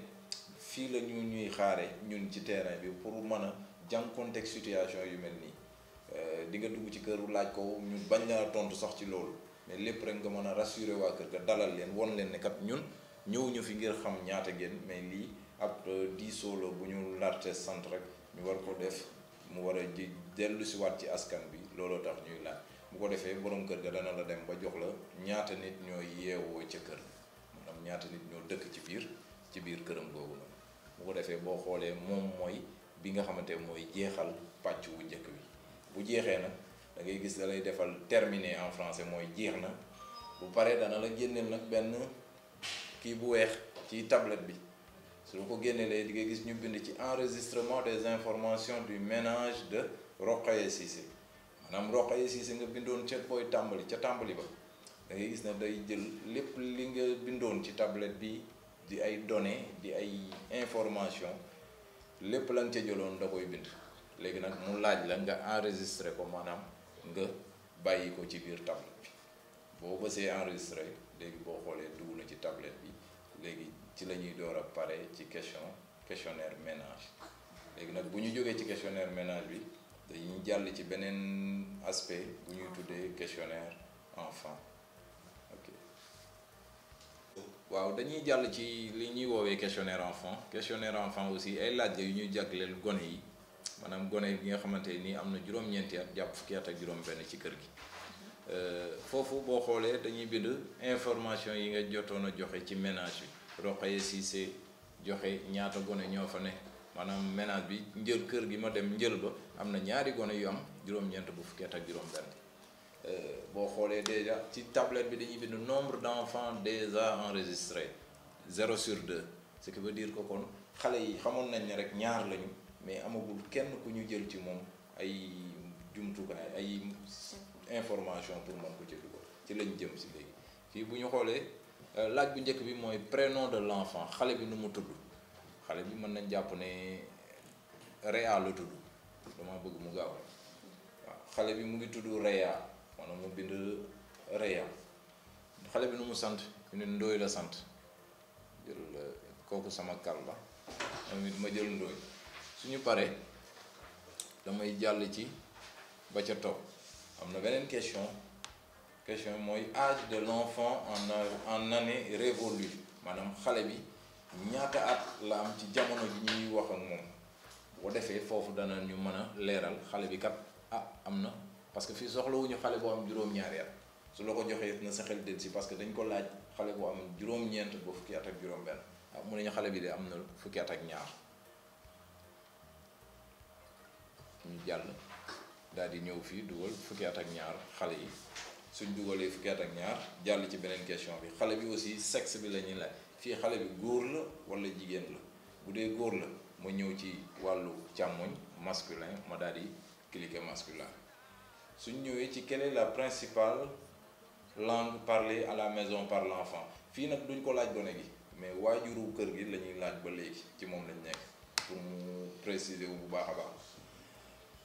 fii la ñu ñuy xaare ñun ci terrain bi pour mën a jànkuwanteeg situation yu mel nii euh, di nga dugg ci kër laaj ko ñu bañ laa tontu sox ci loolu mais lépp rek nga mën a rassurer waa kër ga dalal leen won leen ne kat ñun ñëw ñu fi ngir xam ñaata ngeen mais lii. ab euh, di solo bu ñu laajte sant rek ñu war ko def mu war a ji dellu si ci askan bi looloo tax ñuy laaj bu ko defee borom kër ga dana la dem ba jox la ñaata nit ñoo yeewoo ca kër maanaam ñaata nit ñoo dëkk ci biir ci biir këram googu noonu ko defee boo xoolee moom mooy bi nga xamante mooy jeexal pàcc wu njëkk bi bu jeexee nag dangay gis da defal terminé en français mooy jeex na bu paree dana la génneel nag benn kii bu weex ci tablet bi suñu ko génnee génnelee di nga gis ñu bind ci enregistrement des informations du ménage de Rokhaya Cissé maanaam Rokhaya Cissé nga bindoon ca booy tàmbali ca tàmbali ba da gis ne day jël lépp li nga bindoon ci tablette bi di ay données di ay information lépp lañ ca jëloon da koy bind léegi nag mu laaj la nga enregistré ko maanaam nga bàyyi ko ci biir tablette bi boo bësee enregistré léegi boo xoolee dugg na ci tablette bi léegi ci la ñuy door a pare ci question questionnaire ménage léegi nag bu ñu jógee ci questionnaire ménage bi dañuy jàll ci beneen aspect bu ñuy tuddee questionnaire enfant ok waaw dañuy jàll ci li ñuy woowee questionnaire enfant questionnaire enfant aussi ay laaj yu ñuy jagleel gone yi maanaam gone yi bi nga xamante nii am na juróom-ñeenti at jàpp fukki at ak juróom-benn ci kër gi euh, foofu boo xoolee dañuy bind information yi nga jotoon a joxe ci ménage bi. Roqaye Cissé joxe ñaata gone ñoo fa ne maanaam ménage bi njël kër gi ma dem njël ba am na ñaari gone yu am juróom-ñeent bu fukkeet ak juróom-benn euh, boo xoolee déjà ci tablette bi dañuy bind nombre d'enfants déjà enregistrés zéro sur deux ce qui veut dire que kon xale yi xamoon nañ ne rek ñaar lañu mais amagul kenn ku ñu jël ci moom ay jumtukaay ay information pour moom ko ci dugal ci lañ jëm si léegi fii bu ñu xoolee Euh, laaj bu njëkk bi mooy prenon de l' enfant xale bi nu mu tudd xale bi mën nañ jàpp ne Réa la tudd dama bëgg mu gaaw xale bi mu ngi tudd Réa maanaam mu bind Réa xale bi nu mu sant ñu ne Ndooy la sant jël euh, kooku sama kal la ma jël Ndooy suñu pare damay jàll ci ba ca topp am na beneen question question bi mooy âge de l'enfant en en année révolue maanaam xale bi ñaata at la am ci jamono bi ñuy wax ak moom bu ko defee foofu dana ñu mën a leeral xale bi kat ah am na parce que fii soxlawuñu xale boo am juróom-ñaari at su la ko joxee na sa xel del si parce que dañ ko laaj xale boo am juróom-ñeent ba fukki at ak juróom-benn ah, mu ne ñu xale bi de am na fukki at ak ñaar ñu jàll daal di ñëw fii dugal fukki at ak ñaar xale yi. suñ dugalee fukki at ak ñaar jàll ci beneen question bi xale bi aussi sexe bi la ñuy laaj fii xale bi góor la walla jigéen la bu dee góor la ma ñëw ci wàllu càmmoñ masculin ma daal di cliquer masculin suñ ñëwee ci quelle est la principal langue parle à la maison par l'enfant fii nag duñ ko laaj gone gi mais waajuru kër gi la ñuy laaj ba léegi ci moom lañ nekk pour mu préciser wu bu baax a baax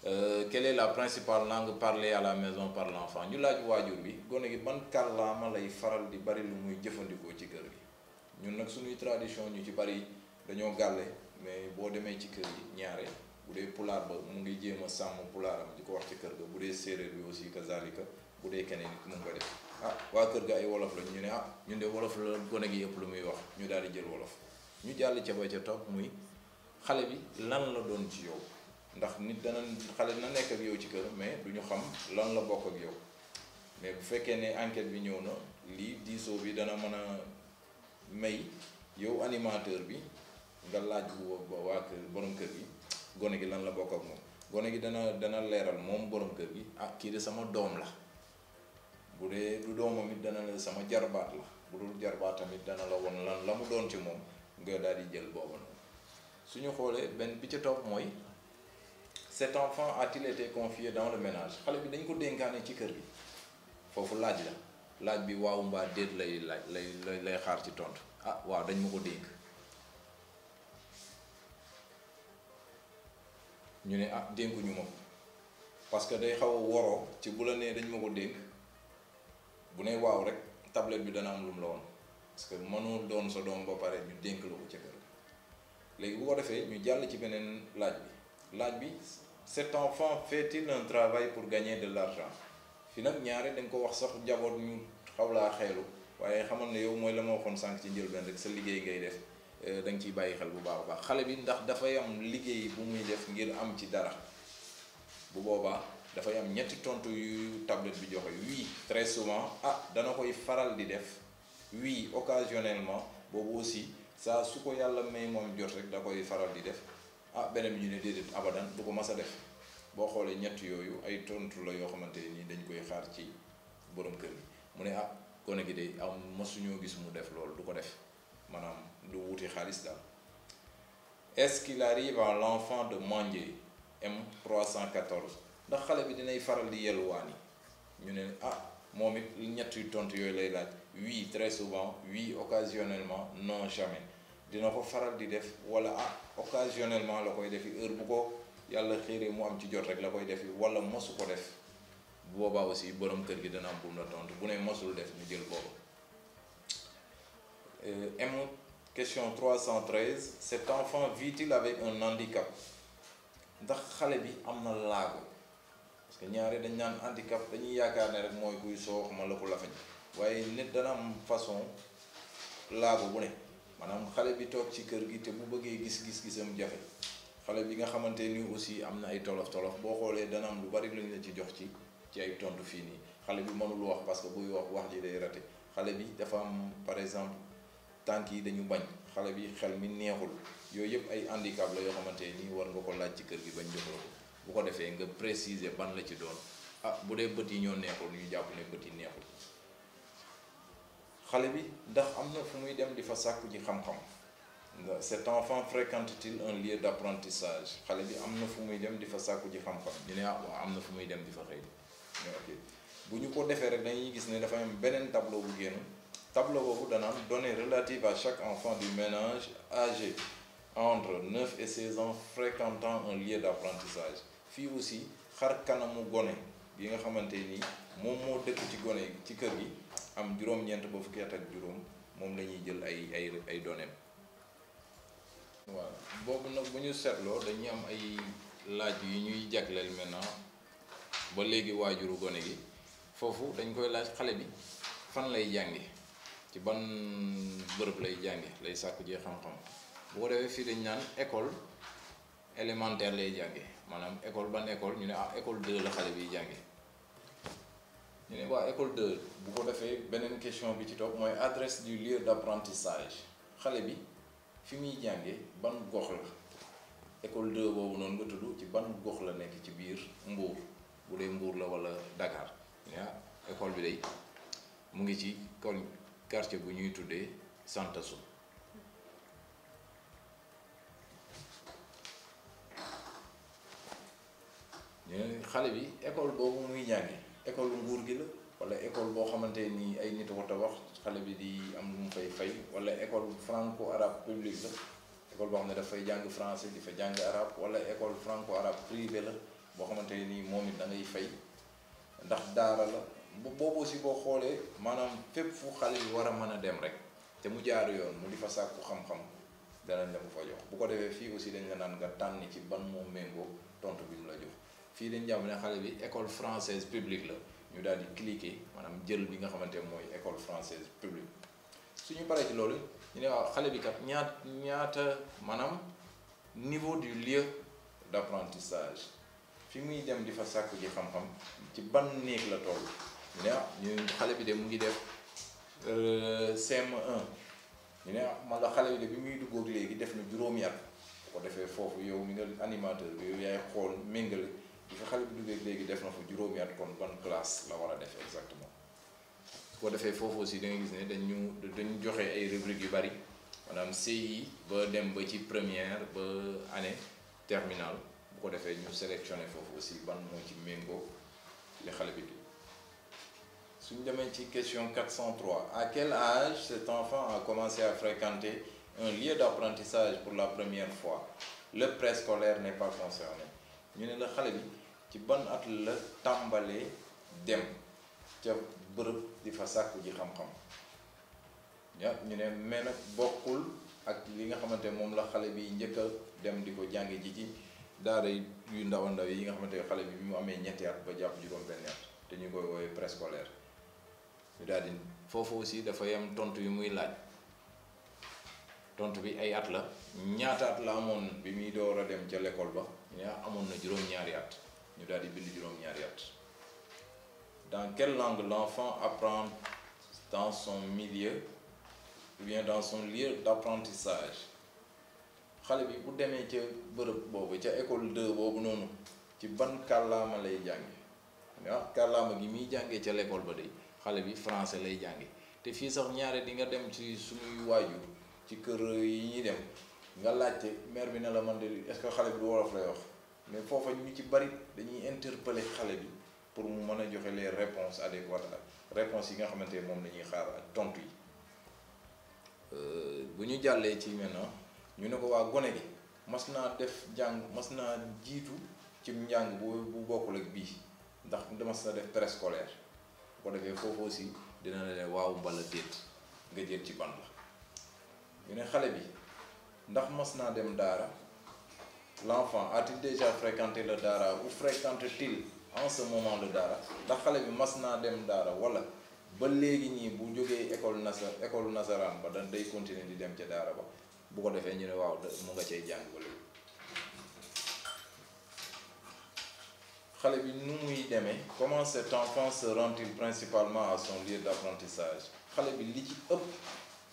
Euh, quelle est la principale langue parlée à la maison par l'enfant ñu laaj waajur bi gone gi ban kàllaama lay faral di bari lu muy jëfandikoo ci kër gi ñun nag suñuy tradition ñu ci bari dañoo gàlle mais boo demee ci kër gi ñaare bu dee pulaar ba mu ngi jéem a sàmm pulaaram di ko wax ci kër ga bu dee séeréer bi aussi kazalika bu dee keneen nit mu ngi ko def ah waa kër ga ay wolof la ñu ne ah ñun de wolof la gone gi yëpp lu muy wax ñu daal di jël wolof ñu jàll ca ba ca topp muy bi lan la doon ci yow ndax nit dana xale na nekk yow ci kër mais du ñu xam lan la bokk ak yow mais bu fekkee ne enquête bi ñëw na lii diisoo bi dana mën a may yow animateur bi nga laaj bu waa kër borom kër gi gone gi lan la bokk ak moom gone gi dana dana leeral moom borom kër gi ah kii de sama doom la bu dee du doomam it dana la sama jarbaat la bu dul jarbaat tamit dana la won lan la mu doon ci moom nga daal di jël boobu noonu suñu xoolee benn bi ca topp mooy cet enfant a-t-il été confié dans le ménage xale bi dañ ko dénkaane ci kër gi foofu laaj la laaj bi waaw mbaa déet lay laaj lay lay xaar ci tontu ah waaw dañ ma ko dénk ñu ne ah dénkuñu ma ko parce que day xaw a woroo ci bu la nee dañ ma ko dénk bu ne waaw rek tablette bi dana am lu mu la woon parce mënul doon sa doom ba pare ñu dénk la ko ca kër léegi bu ko defee ñu jàll ci beneen laaj bi laaj bi cet enfant fait-il un travail pour gagner de l'argent fi nag ñaare dañ ko wax sax jaboot ñu xaw laa xeelu waaye xamal na yow mooy la ma waxoon sànq ci njëlbeen rek sa liggéey ngay def euh, da nga ciy bàyyi xel bu baax a baax xale bi ndax dafay am liggéey bu muy def ngir am ci dara bu boobaa dafay am ñetti tontu yu tablette bi joxe oui très souvent ah dana koy faral di def oui occasionnellement boobu aussi saa su ko yàlla may moom jot rek da koy faral di def ah beneen bi ñu ne déedéet abadan du ko mas a def boo xoolee ñett yooyu ay tontu la yoo xamante nii dañ koy xaar ci boroom kër gi mu ne ah gone gi de am masuñoo gis mu def loolu du ko def maanaam du wuti xaalis daal est-ce qu'il arrive à l'enfant de manger M314 ndax xale bi dinay faral di yelwaani ñu ne ah moom it ñett yu tontu yooyu lay laaj oui très souvent oui occasionnellement non jamais dina ko faral di def wala ah occasionnellement la koy def defi heure bu ko yàlla xéeree mu am ci jot rek la koy defi wala mosu ko def bu boobaa aussi borom kër gi dana am bum la tontu bu ne masul def ñu jël boobu euh, m question 313 cet enfant vit-il avec un handicap ndax xale bi am na laago parce que ñaare dañ naan handicap dañuy yaakaar ne rek mooy kuy soox ma la ko lafañ waaye nit dana am façon laago bu ne maanaam xale bi toog ci kër gi te bu bëggee gis-gis-gisam jafe xale bi nga xamante ni aussi am na ay tolof tolof boo xoolee dana am lu bari luñ la ci jox ci ci ay tontu fii nii xale bi mënul wax parce que buy wax wax ji day rate xale bi dafa am par exemple tànk yi dañu bañ xale bi xel mi neexul yooyu yëpp ay handicap la yoo xamante nii war nga ko laaj ci kër gi bañ jox la ko bu ko defee nga préciser ban la ci doon ah bu dee bët yi ñoo neexul ñu jàpp ne bët yi neexul. xale bi ndax am na fu muy dem di fa sàkku ji xam-xam cet enfant fréquente-t-il un lieu d'apprentissage xale bi am na fu muy dem di fa sàkku ji xam-xam ñu ne ah waaw am na fu muy dem di fa xëy ok bu ñu ko defee rek dañuy gis ne dafa am beneen tableau bu génn tableau boobu dana am données relatives à chaque enfant du ménage age entre 9 et saison ans fréquentant un lieu d'apprentissage fii aussi xar kanamu gone yi nga xamante nii moom moo dëkk ci gone ci kër gi am juróom-ñeent ba fukki at ak juróom moom lañuy jël ay ay ay données waaw boobu nag bu ñu seetloo dañuy am ay laaj yu ñuy jagleel maintenant ba léegi waajuru gone gi foofu dañ koy laaj xale bi fan lay jànge ci ban bërëb lay jànge lay sàkku jee xam-xam bu ko defee fii dañ naan école élémentaire lay jànge maanaam école ban école ñu ne ah école 2 la xale biy jànge ñu ne waa école 2 bu ko defee beneen question bi ci toog mooy adresse du lieu d' apprentissage xale bi fi muy jànge ban gox la école 2 boobu noonu nga tudd ci ban gox la nekk ci biir Mbour bu dee Mbour la wala Dakar ah école bi day mu ngi ci kon quartier bu ñuy tuddee Santassou ñu ne xale bi école boobu muy jàngee. école nguur gi la wala école boo xamante nii ay nit a wax xale bi di am lu mu fay fay wala école franco arabe publique la école boo xam ne dafay jàng français di fa jàng arabe wala école franco arabe privé la boo xamante ni moom it da ngay fay ndax daara la boobu aussi boo xoolee maanaam fépp fu xale bi war a mën a dem rek te mu jaar yoon mu di fa sàkku xam-xam danañ la ko fa jox bu ko defee fii aussi dañu la naan nga tànn ci ban moo méngoo tontu bi mu la jox. fii dañ jàpp ne xale bi école française publique la ñu daal di cliquer maanaam jël bi nga xamante mooy école française publique suñu paree ci loolu ñu ne waaw xale bi kat ñaat ñaata maanaam niveau du lieu d' apprentissage fi muy dem di fa sàkku ji xam-xam ci ban néeg la tool ñu ne ah ñu xale bi de mu ngi def euh, CM1 ñu ne ah man la xale bi de bi muy duggook léegi def na juróomi at ko defee foofu yow mu nga animateur bi yow yaay xool méngale bi xale bi duggee léegi def na fa juróom at kon ban classe la war a def exactement su ko defee foofu aussi da gis ne dañu dañu joxe ay rubriques yu bari maanaam CI ba dem ba ci première ba année terminal bu ko defee ñu sélectionné foofu aussi ban moo ci méngoo li xale bi di suñ demee ci question cent 403 à quel âge cet enfant a commencé à fréquenter un lieu d'apprentissage pour la première fois le préscolaire n'est pas concerné ñu ne la xale ci ban at la tàmbalee dem ca bërëb di fa sàkku ji xam-xam ya ñu ne mais nag bokkul ak li nga xamante moom la xale bi njëkk dem di ko jànge ji ci daara yu ndaw ndaw yi nga xamante xale bi bi mu amee ñetti at ba jàpp juróom benn at te ñu koy woowee préscolaire ñu daal foofu aussi dafa yam tontu yu muy laaj tontu bi ay at la ñaata at la amoon bi muy door a dem ca l'école ba ñu ne amoon na juróom-ñaari at ñu daal di bind juróom-ñaari at dans quelle langue l'enfant apprend dans son milieu ou bien dans son lieu d'apprentissage xale bi bu demee ca bërëb boobu ca école 2 boobu noonu ci ban kàllaama lay jànge ah kàllaama gi muy jàngee ca l'école ba de xale bi français lay jànge te fii sax ñaare di nga dem ci suñuy waajur ci kër yi ñuy dem nga laajte mère bi ne la man de est-ce xale bi du wolof lay wax mais foofa ñu ci bari dañuy interpeller xale bi pour mu mën a joxe les réponses adéquates ak réponses yi nga xamante ne moom lañuy ñuy xaar ak tontu yi euh, bu ñu jàllee ci maintenant ñu ne ko waa gone gi mas naa def njàng mas naa jiitu ci njàng bu bokkul ak bii ndax mas na def préscolaire bu ko defee foofu aussi dina la ne waaw mbala déet nga jël ci ban la ñu ne xale bi ndax mas naa dem daara. l'enfant a-t-il déjà fréquenté le daara ou fréquente t en ce moment le daara ndax xale bi mas naa dem daara wala ba léegi nii bu jógee école nasa école nasaraan ba dañ day continuer di dem ca daara ba bu ko defee ñu ne waaw mu nga cay jàng ba léegi xale bi nu muy demee comment cet enfant se rend-il principalement à son lieu d'apprentissage xale bi li ci ëpp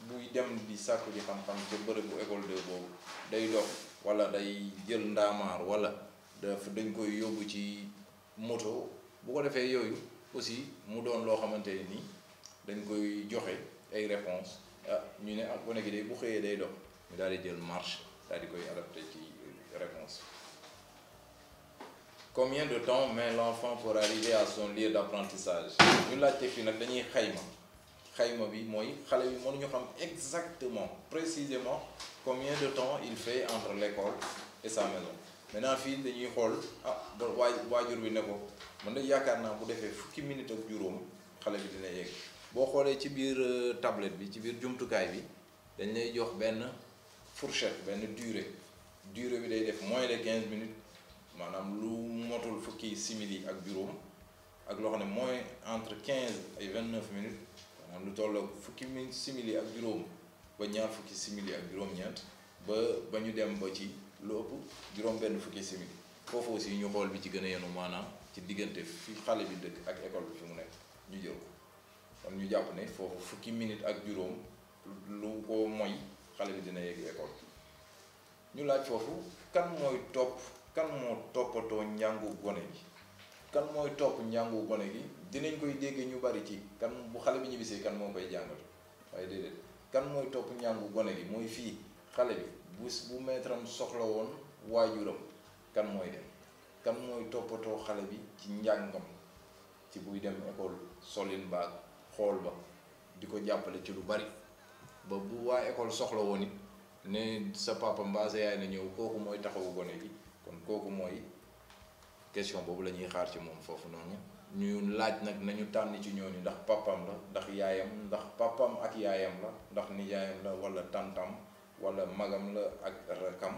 buy dem di sàkku ji xam-xam ca bërëbu école de boobu day dox wala day jël ndaamaar wala daf dañ koy yóbbu ci moto bu ko defee yooyu aussi mu doon loo xamante ni dañ koy joxe ay réponse ah ñu ne ak gone gi day bu xëyee day dox ñu daal di jël marche daal di koy adapté ci réponse combien de temps met l'enfant pour arriver à son lieu d'apprentissage ñu laajte fii nag dañuy xayma xayma bi mooy xale bi mënuñu xam exactement précisément combien de temps il fait entre l'école et sa maison maintenant fii dañuy xool ah ba waay waajur bi ne ko mën de yaakaar naa bu defee fukki minute ak juróom xale bi dina yegg boo xoolee ci biir euh, tablette bi ci biir jumtukaay bi dañ lay jox benn fourchette benn dure dure bi day def moins de quinze minutes maanaam lu motul fukki simili ak juróom ak loo xam ne moins entre quinze ay vingt neuf minutes maanaam lu tolloog fukki mi simili ak juróom ba ñaar fukki simili ak juróom-ñeent ba ba ñu dem ba ci lu ëpp juróom-benn fukki simili foofu aussi ñu xool bi ci gën a yenu maanaam ci diggante fi xale bi dëkk ak école bi fi mu nekk ñu jël ko kon ñu jàpp ne foofu fukki minute ak juróom lu ko moy xale bi dina yegg école ñu laaj foofu kan mooy topp kan moo toppatoo njàngu gone gi kan mooy topp njàngu gone gi dinañ koy dégg ñu bari ci kan bu xale bi ñibbisee kan moo koy jàngal waaye déedéet kan mooy topp njàngu gone gi mooy fii xale bi bu bu maître am soxla woon waajuram kan mooy dem kan mooy toppatoo xale bi ci njàngam ci buy dem école solin baag xool ba di ko jàppale ci lu bari ba bu waa école soxla woon it ne sa papa mbaa yaay na ñëw kooku mooy taxawu gone gi kon kooku mooy question boobu la ñuy xaar ci moom foofu noonu ñu laaj nag nañu tànn ci ñooñu ndax papam la ndax yaayam ndax papam ak yaayam la ndax nijaayam la wala tantam walla magam la ak rakam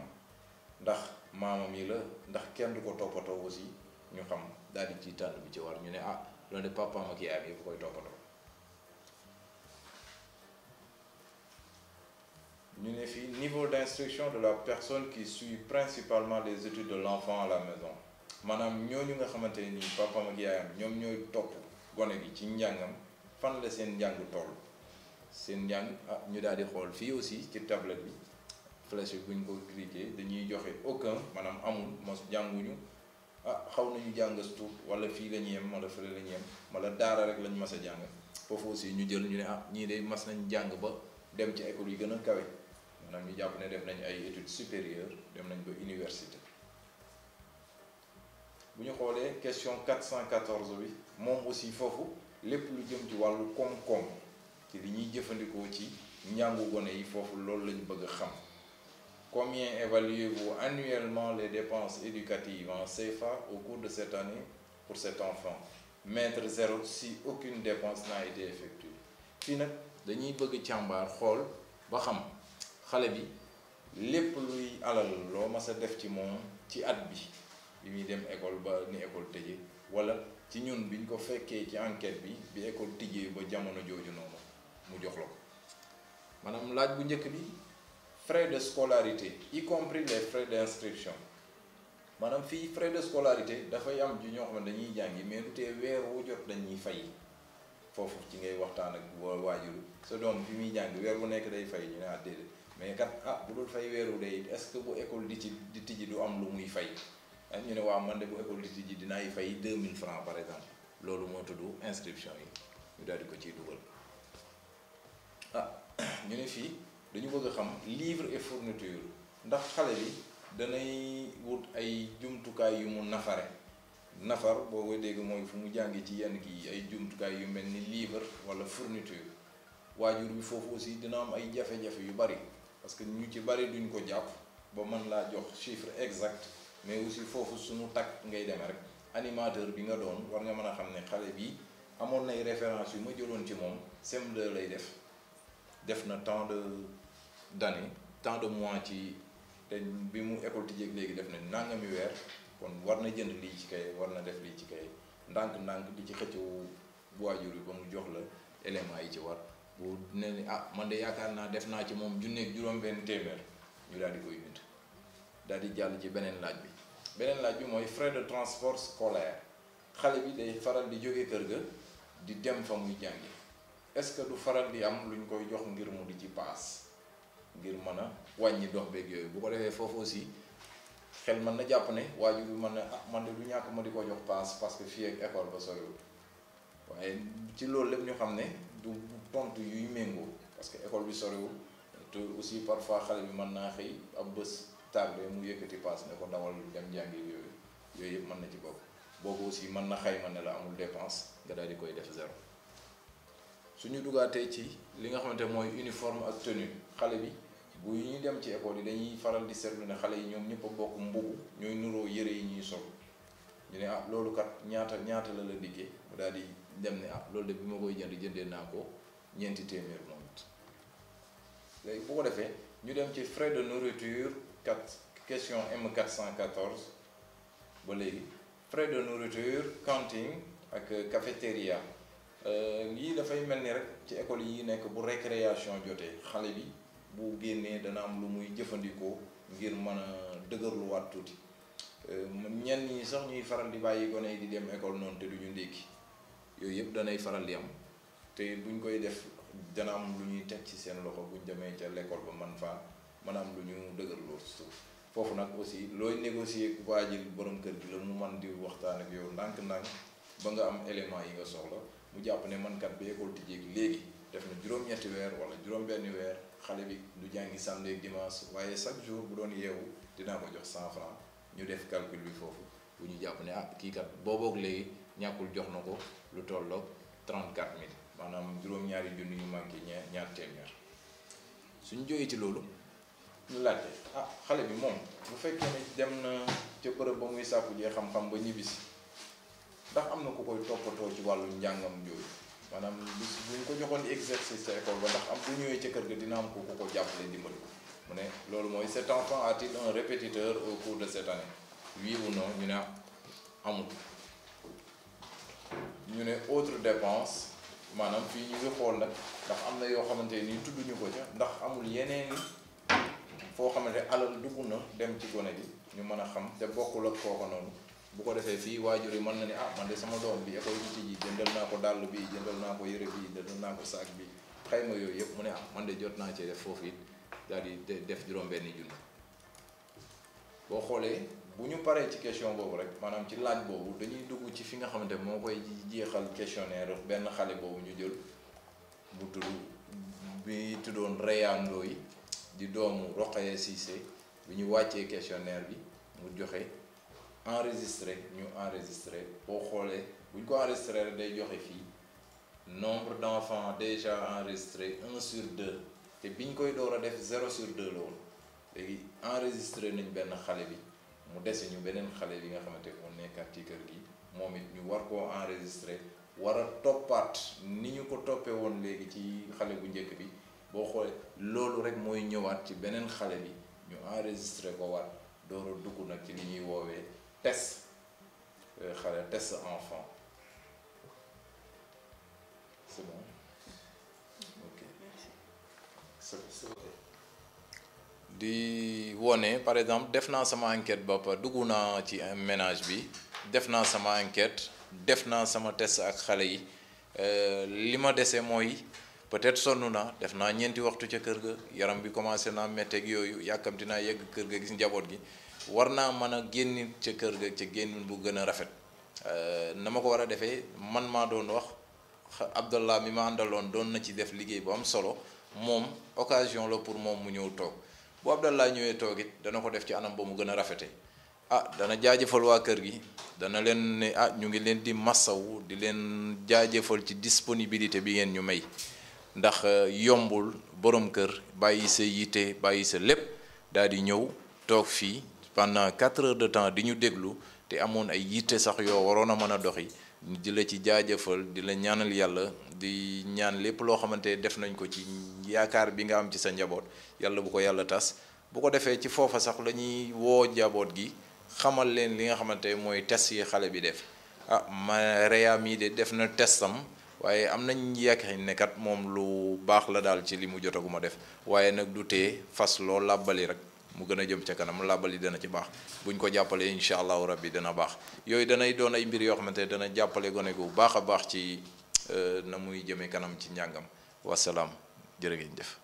ndax maamam yi la ndax kenn du ko toppatoo aussi ñu xam daal di ci tànn bi ci war ñu ne ah loolu de papam ak yaayam yëpp koy toppatoo ñu ne fii niveau d'instruction de la personne qui suit principalement les études de l'enfant à la maison maanaam ñu nga xamante ne nii papaam ak yaayam ñoom ñooy topp gone gi ci njàngam fan la seen njàng tool seen njàng ah ñu daal di xool fii aussi ci tablette bi flèche bi bu ñu ko cliquer dañuy joxe aucun maanaam amul mos jànguñu ah xaw nañu jàng tuut wala fii la ñu yem wala fële la ñu wala daara rek lañ mas a jàng foofu aussi ñu jël ñu ne ah ñii de mas nañ jàng ba dem ci école yi gën a kawe maanaam ñu jàpp ne def nañu ay études supérieures dem nañ université. bu ñu xoolee question cent 414 bi moom aussi foofu lépp lu jëm ci wàllu koom-koom ci li ñuy jëfandikoo ci njàngu gone yi foofu loolu lañu bëgg a xam combien évaluez-vous annuellement les dépenses éducatives en CFA au cours de cette année pour cet enfant mettre zéro si aucune dépense n'a été effectuée fii nag dañuy bëgg càmbaar xool ba xam xale bi lépp luy alal loo mas a def ci moom ci at bi bi muy dem école ba ni école tëjee wala ci ñun biñ ko fekkee ci enquête bi bi école tijjee ba jamono jooju noonu mu jox la ko maanaam laaj bu njëkk bi frais de scolarité y compris les frais d'inscription maanaam fii frais de scolarité dafay am ci ñoo xam ne dañuy jàngi mais lu tee weer wu jot dañuy fay foofu ci ngay waxtaan ak waajur sa doom fi muy jàng weer bu nekk day fay ñu ne ah déedéet mais kat ah bu dul fay weeru day est-ce que bu école di ci di tijji du am lu muy fay ak ñu ne waaw man de bu école di tijji dinaa yi fay 2000 francs par exemple loolu moo tudd inscription yi ñu daal ko ci dugal ah ñu ne fii dañu bëgg a xam livre et fourniture ndax xale bi danay wut ay jumtukaay yu mu nafare nafar boo koy dégg mooy fu mu jàngee ci yenn kii ay jumtukaay yu mel ni livre walla fourniture waajur bi foofu aussi dina am ay jafe-jafe yu bari parce que ñu ci bari duñ ko jàpp ba mën laa jox chiffre exact mais aussi foofu suñu takk ngay demee rek animateur bi nga doon war nga mën a xam ne xale bi amoon nay référence yu ma jëloon ci moom cm lay def def na tant de d'années tant de mois ci te bi mu école tijjeeg léegi def na nangami weer kon war na jënd lii ci kay war na def lii ci kay ndànk-ndànk bi ci xëccoo waajur yi ba mu jox la éléments yi ci war bu ne ah man de yaakaar naa def naa ci moom junneeg juróom-benn téeméer ñu daal di koy bind daal di jàll ci beneen laaj bi beneen laaj bi mooy frais de transport scolaire xale bi day faral di jóge kër ga di dem fa muy jàngi est-ce que du faral di am lu ñu koy jox ngir mu di ci paas ngir mën a wàññi dox beeg bu ko foofu aussi xel mën na jàpp ne waajur bi mën na ah mën na du ñàkk ma di ko jox paas parce que fii ak école ba soriwul waaye ci loolu lépp ñu xam ne du tontu yuy méngoo parce que école bi soriwul te aussi parfois xale bi mën naa xëy ab bés. tardé mu yëkkati paas ne ko dawal dem njàngi yooyu yooyu yëpp mën na ci bopp boobu aussi mën na xayma ne la amul dépense nga daal di koy def zéro suñu dugaatee ci li nga xamante mooy uniforme ak tenue xale bi bu ñu dem ci école yi dañuy faral di seetlu ne xale yi ñoom ñëpp a bokk mbubu ñooy nuroo yëre yi ñuy sol ñu ne ah loolu kat ñaata ñaata la la liggéey mu daal di dem ne ah loolu de bi ma koy jënd jëndee naa ko ñeenti téeméer moom it léegi bu ko defee ñu dem ci frais de nourriture 4 question M414 ba léegi frais de nourriture cantine ak cafétéria lii euh, dafay mel ni rek ci école yi nekk bu récréation jotee xale bi bu génnee dana am lu muy jëfandikoo ngir mën a dëgërluwaat tuuti euh, ñenn ñi sax ñuy faral di bàyyi gone yi di dem école noonu te duñu ndékki yooyu yëpp danay faral di am te buñ koy def dana am lu ñuy teg ci seen loxo buñ demee ca lekkool ba man faa maanaam lu ñu dëgër lool suuf foofu nag aussi looy négocier ku waa ji borom kër gi la mu man di waxtaan ak yow ndànk-ndànk ba nga am élément yi nga soxla mu jàpp ne mankat kat bi école tijjeeg léegi def na juróom-ñetti weer wala juróom-benni weer xale bi lu jàngi samedi ak dimanche waaye chaque jour bu doon yeewu dinaa ko jox cent franc ñu def calcul bi foofu bu ñu jàpp ne ah kii kat booboog léegi ñàkkul jox na ko lu tolloog 34 000 maanaam juróom-ñaari junni ñu manqué suñ jógee ci loolu. ñu laajte ah xale bi moom bu fekkee ne dem na ca bërëb ba muy sàkku jee xam-xam ba ñibbisi ndax am na ku koy toppatoo ci wàllu njàngam jooju maanaam bis bu ñu ko joxoon exercice ca école ba ndax am bu ñëwee ca kër ga dina am ku ko jàppale dimbali ko mu ne loolu mooy cet enfant a-t-il un répétiteur au cours de cette année oui ou non ñu ne amul ñu ne autre dépense maanaam fii ñu ngi xool nag ndax am na yoo xamante ni tudduñu ko ca ndax amul yeneen foo xamante alal dugg na dem ci gone bi ñu mën a xam te bokkul ak kooka noonu bu ko defee fii waajur yi mën na ni ah man de sama doom bi école bi ji jëndal naa ko dàll bi jëndal naa ko yëre bi jëndal naa ko saak bi xayma yooyu yëpp mu ne ah man de jot naa cee def foofu it daal di def juróom benn junni boo xoolee bu ñu paree ci question boobu rek maanaam ci laaj boobu dañuy dugg ci fi nga xamante moo koy jeexal questionnaire benn xale boobu ñu jël bu tudd bi tuddoon yi di doomu Rokhaya Cissé bi ñu wàccee questionnaire bi mu joxe enregistré ñu enregistré boo xoolee buñ ko enregistré day joxe fii nombre d' enfants déjà enregistrés un sur de te biñ koy door a def zéro sur de la woon léegi enregistré nañ benn xale bi mu dese ñu beneen xale bi nga xamante mu nekkaat ci kër gi moom it ñu war koo enregistré war a toppaat ni ñu ko toppee woon léegi ci xale bu njëkk bi. boo xoolee loolu rek mooy ñëwaat ci beneen xale bi ñu enregistré ko waat door dugg nag ci li ñuy woowee test euh, xale test enfant c'est bon di wone par exemple def naa sama enquête ba pare dugg naa ci ménage bi def naa sama enquête def naa sama test ak xale yi euh, li ma desee mooy. peut-être sonn naa def naa ñeenti waxtu ca kër ga yaram bi commencé naa metteeg yooyu yàkkamti naa yegg kër ga gis njaboot gi war naa mën a génn ca kër ga ca génn bu gën a rafet euh, na ma ko war a defee man maa doon wax Abdallah mi ma àndaloon doon na ci def liggéey bu am solo moom occasion la pour moom mu ñëw toog bu Abdallah ñëwee toog dana ko def ci anam ba mu gën a rafetee ah dana jaajëfal waa kër gi dana leen ne ah ñu ngi leen di massawu di leen jaajëfal ci disponibilité bi ngeen ñu may ndax euh, yombul borom kër bàyyi sa yitte bàyyi sa lépp daal di ñëw toog fii pandant quatre heures de temps di ñu déglu te amoon ay yitte sax yoo waroon a mën a doxi di la ci jaajëfal di la ñaanal yàlla di ñaan lépp loo xamante def nañ ko ci yaakaar bi nga am ci sa njaboot yàlla bu ko yàlla tas bu ko defee ci foofa sax la ñuy woo njaboot gi xamal leen li nga xamante mooy test yi xale bi def ah ma réa mii de def na testam waaye am nañ ñu ne kat moom lu baax la daal ci li mu jotaguma def waaye nag du tee fas loo làbbali rek mu gën a jëm ca kanam làbbali dana ci baax buñ ko jàppalee incha allahu rabbi dana baax yooyu danay doon ay mbir yoo xamante ne dana jàppale gone gu baax a baax ci euh, na muy jëmee kanam ci njàngam wasalaam jërë ngeen def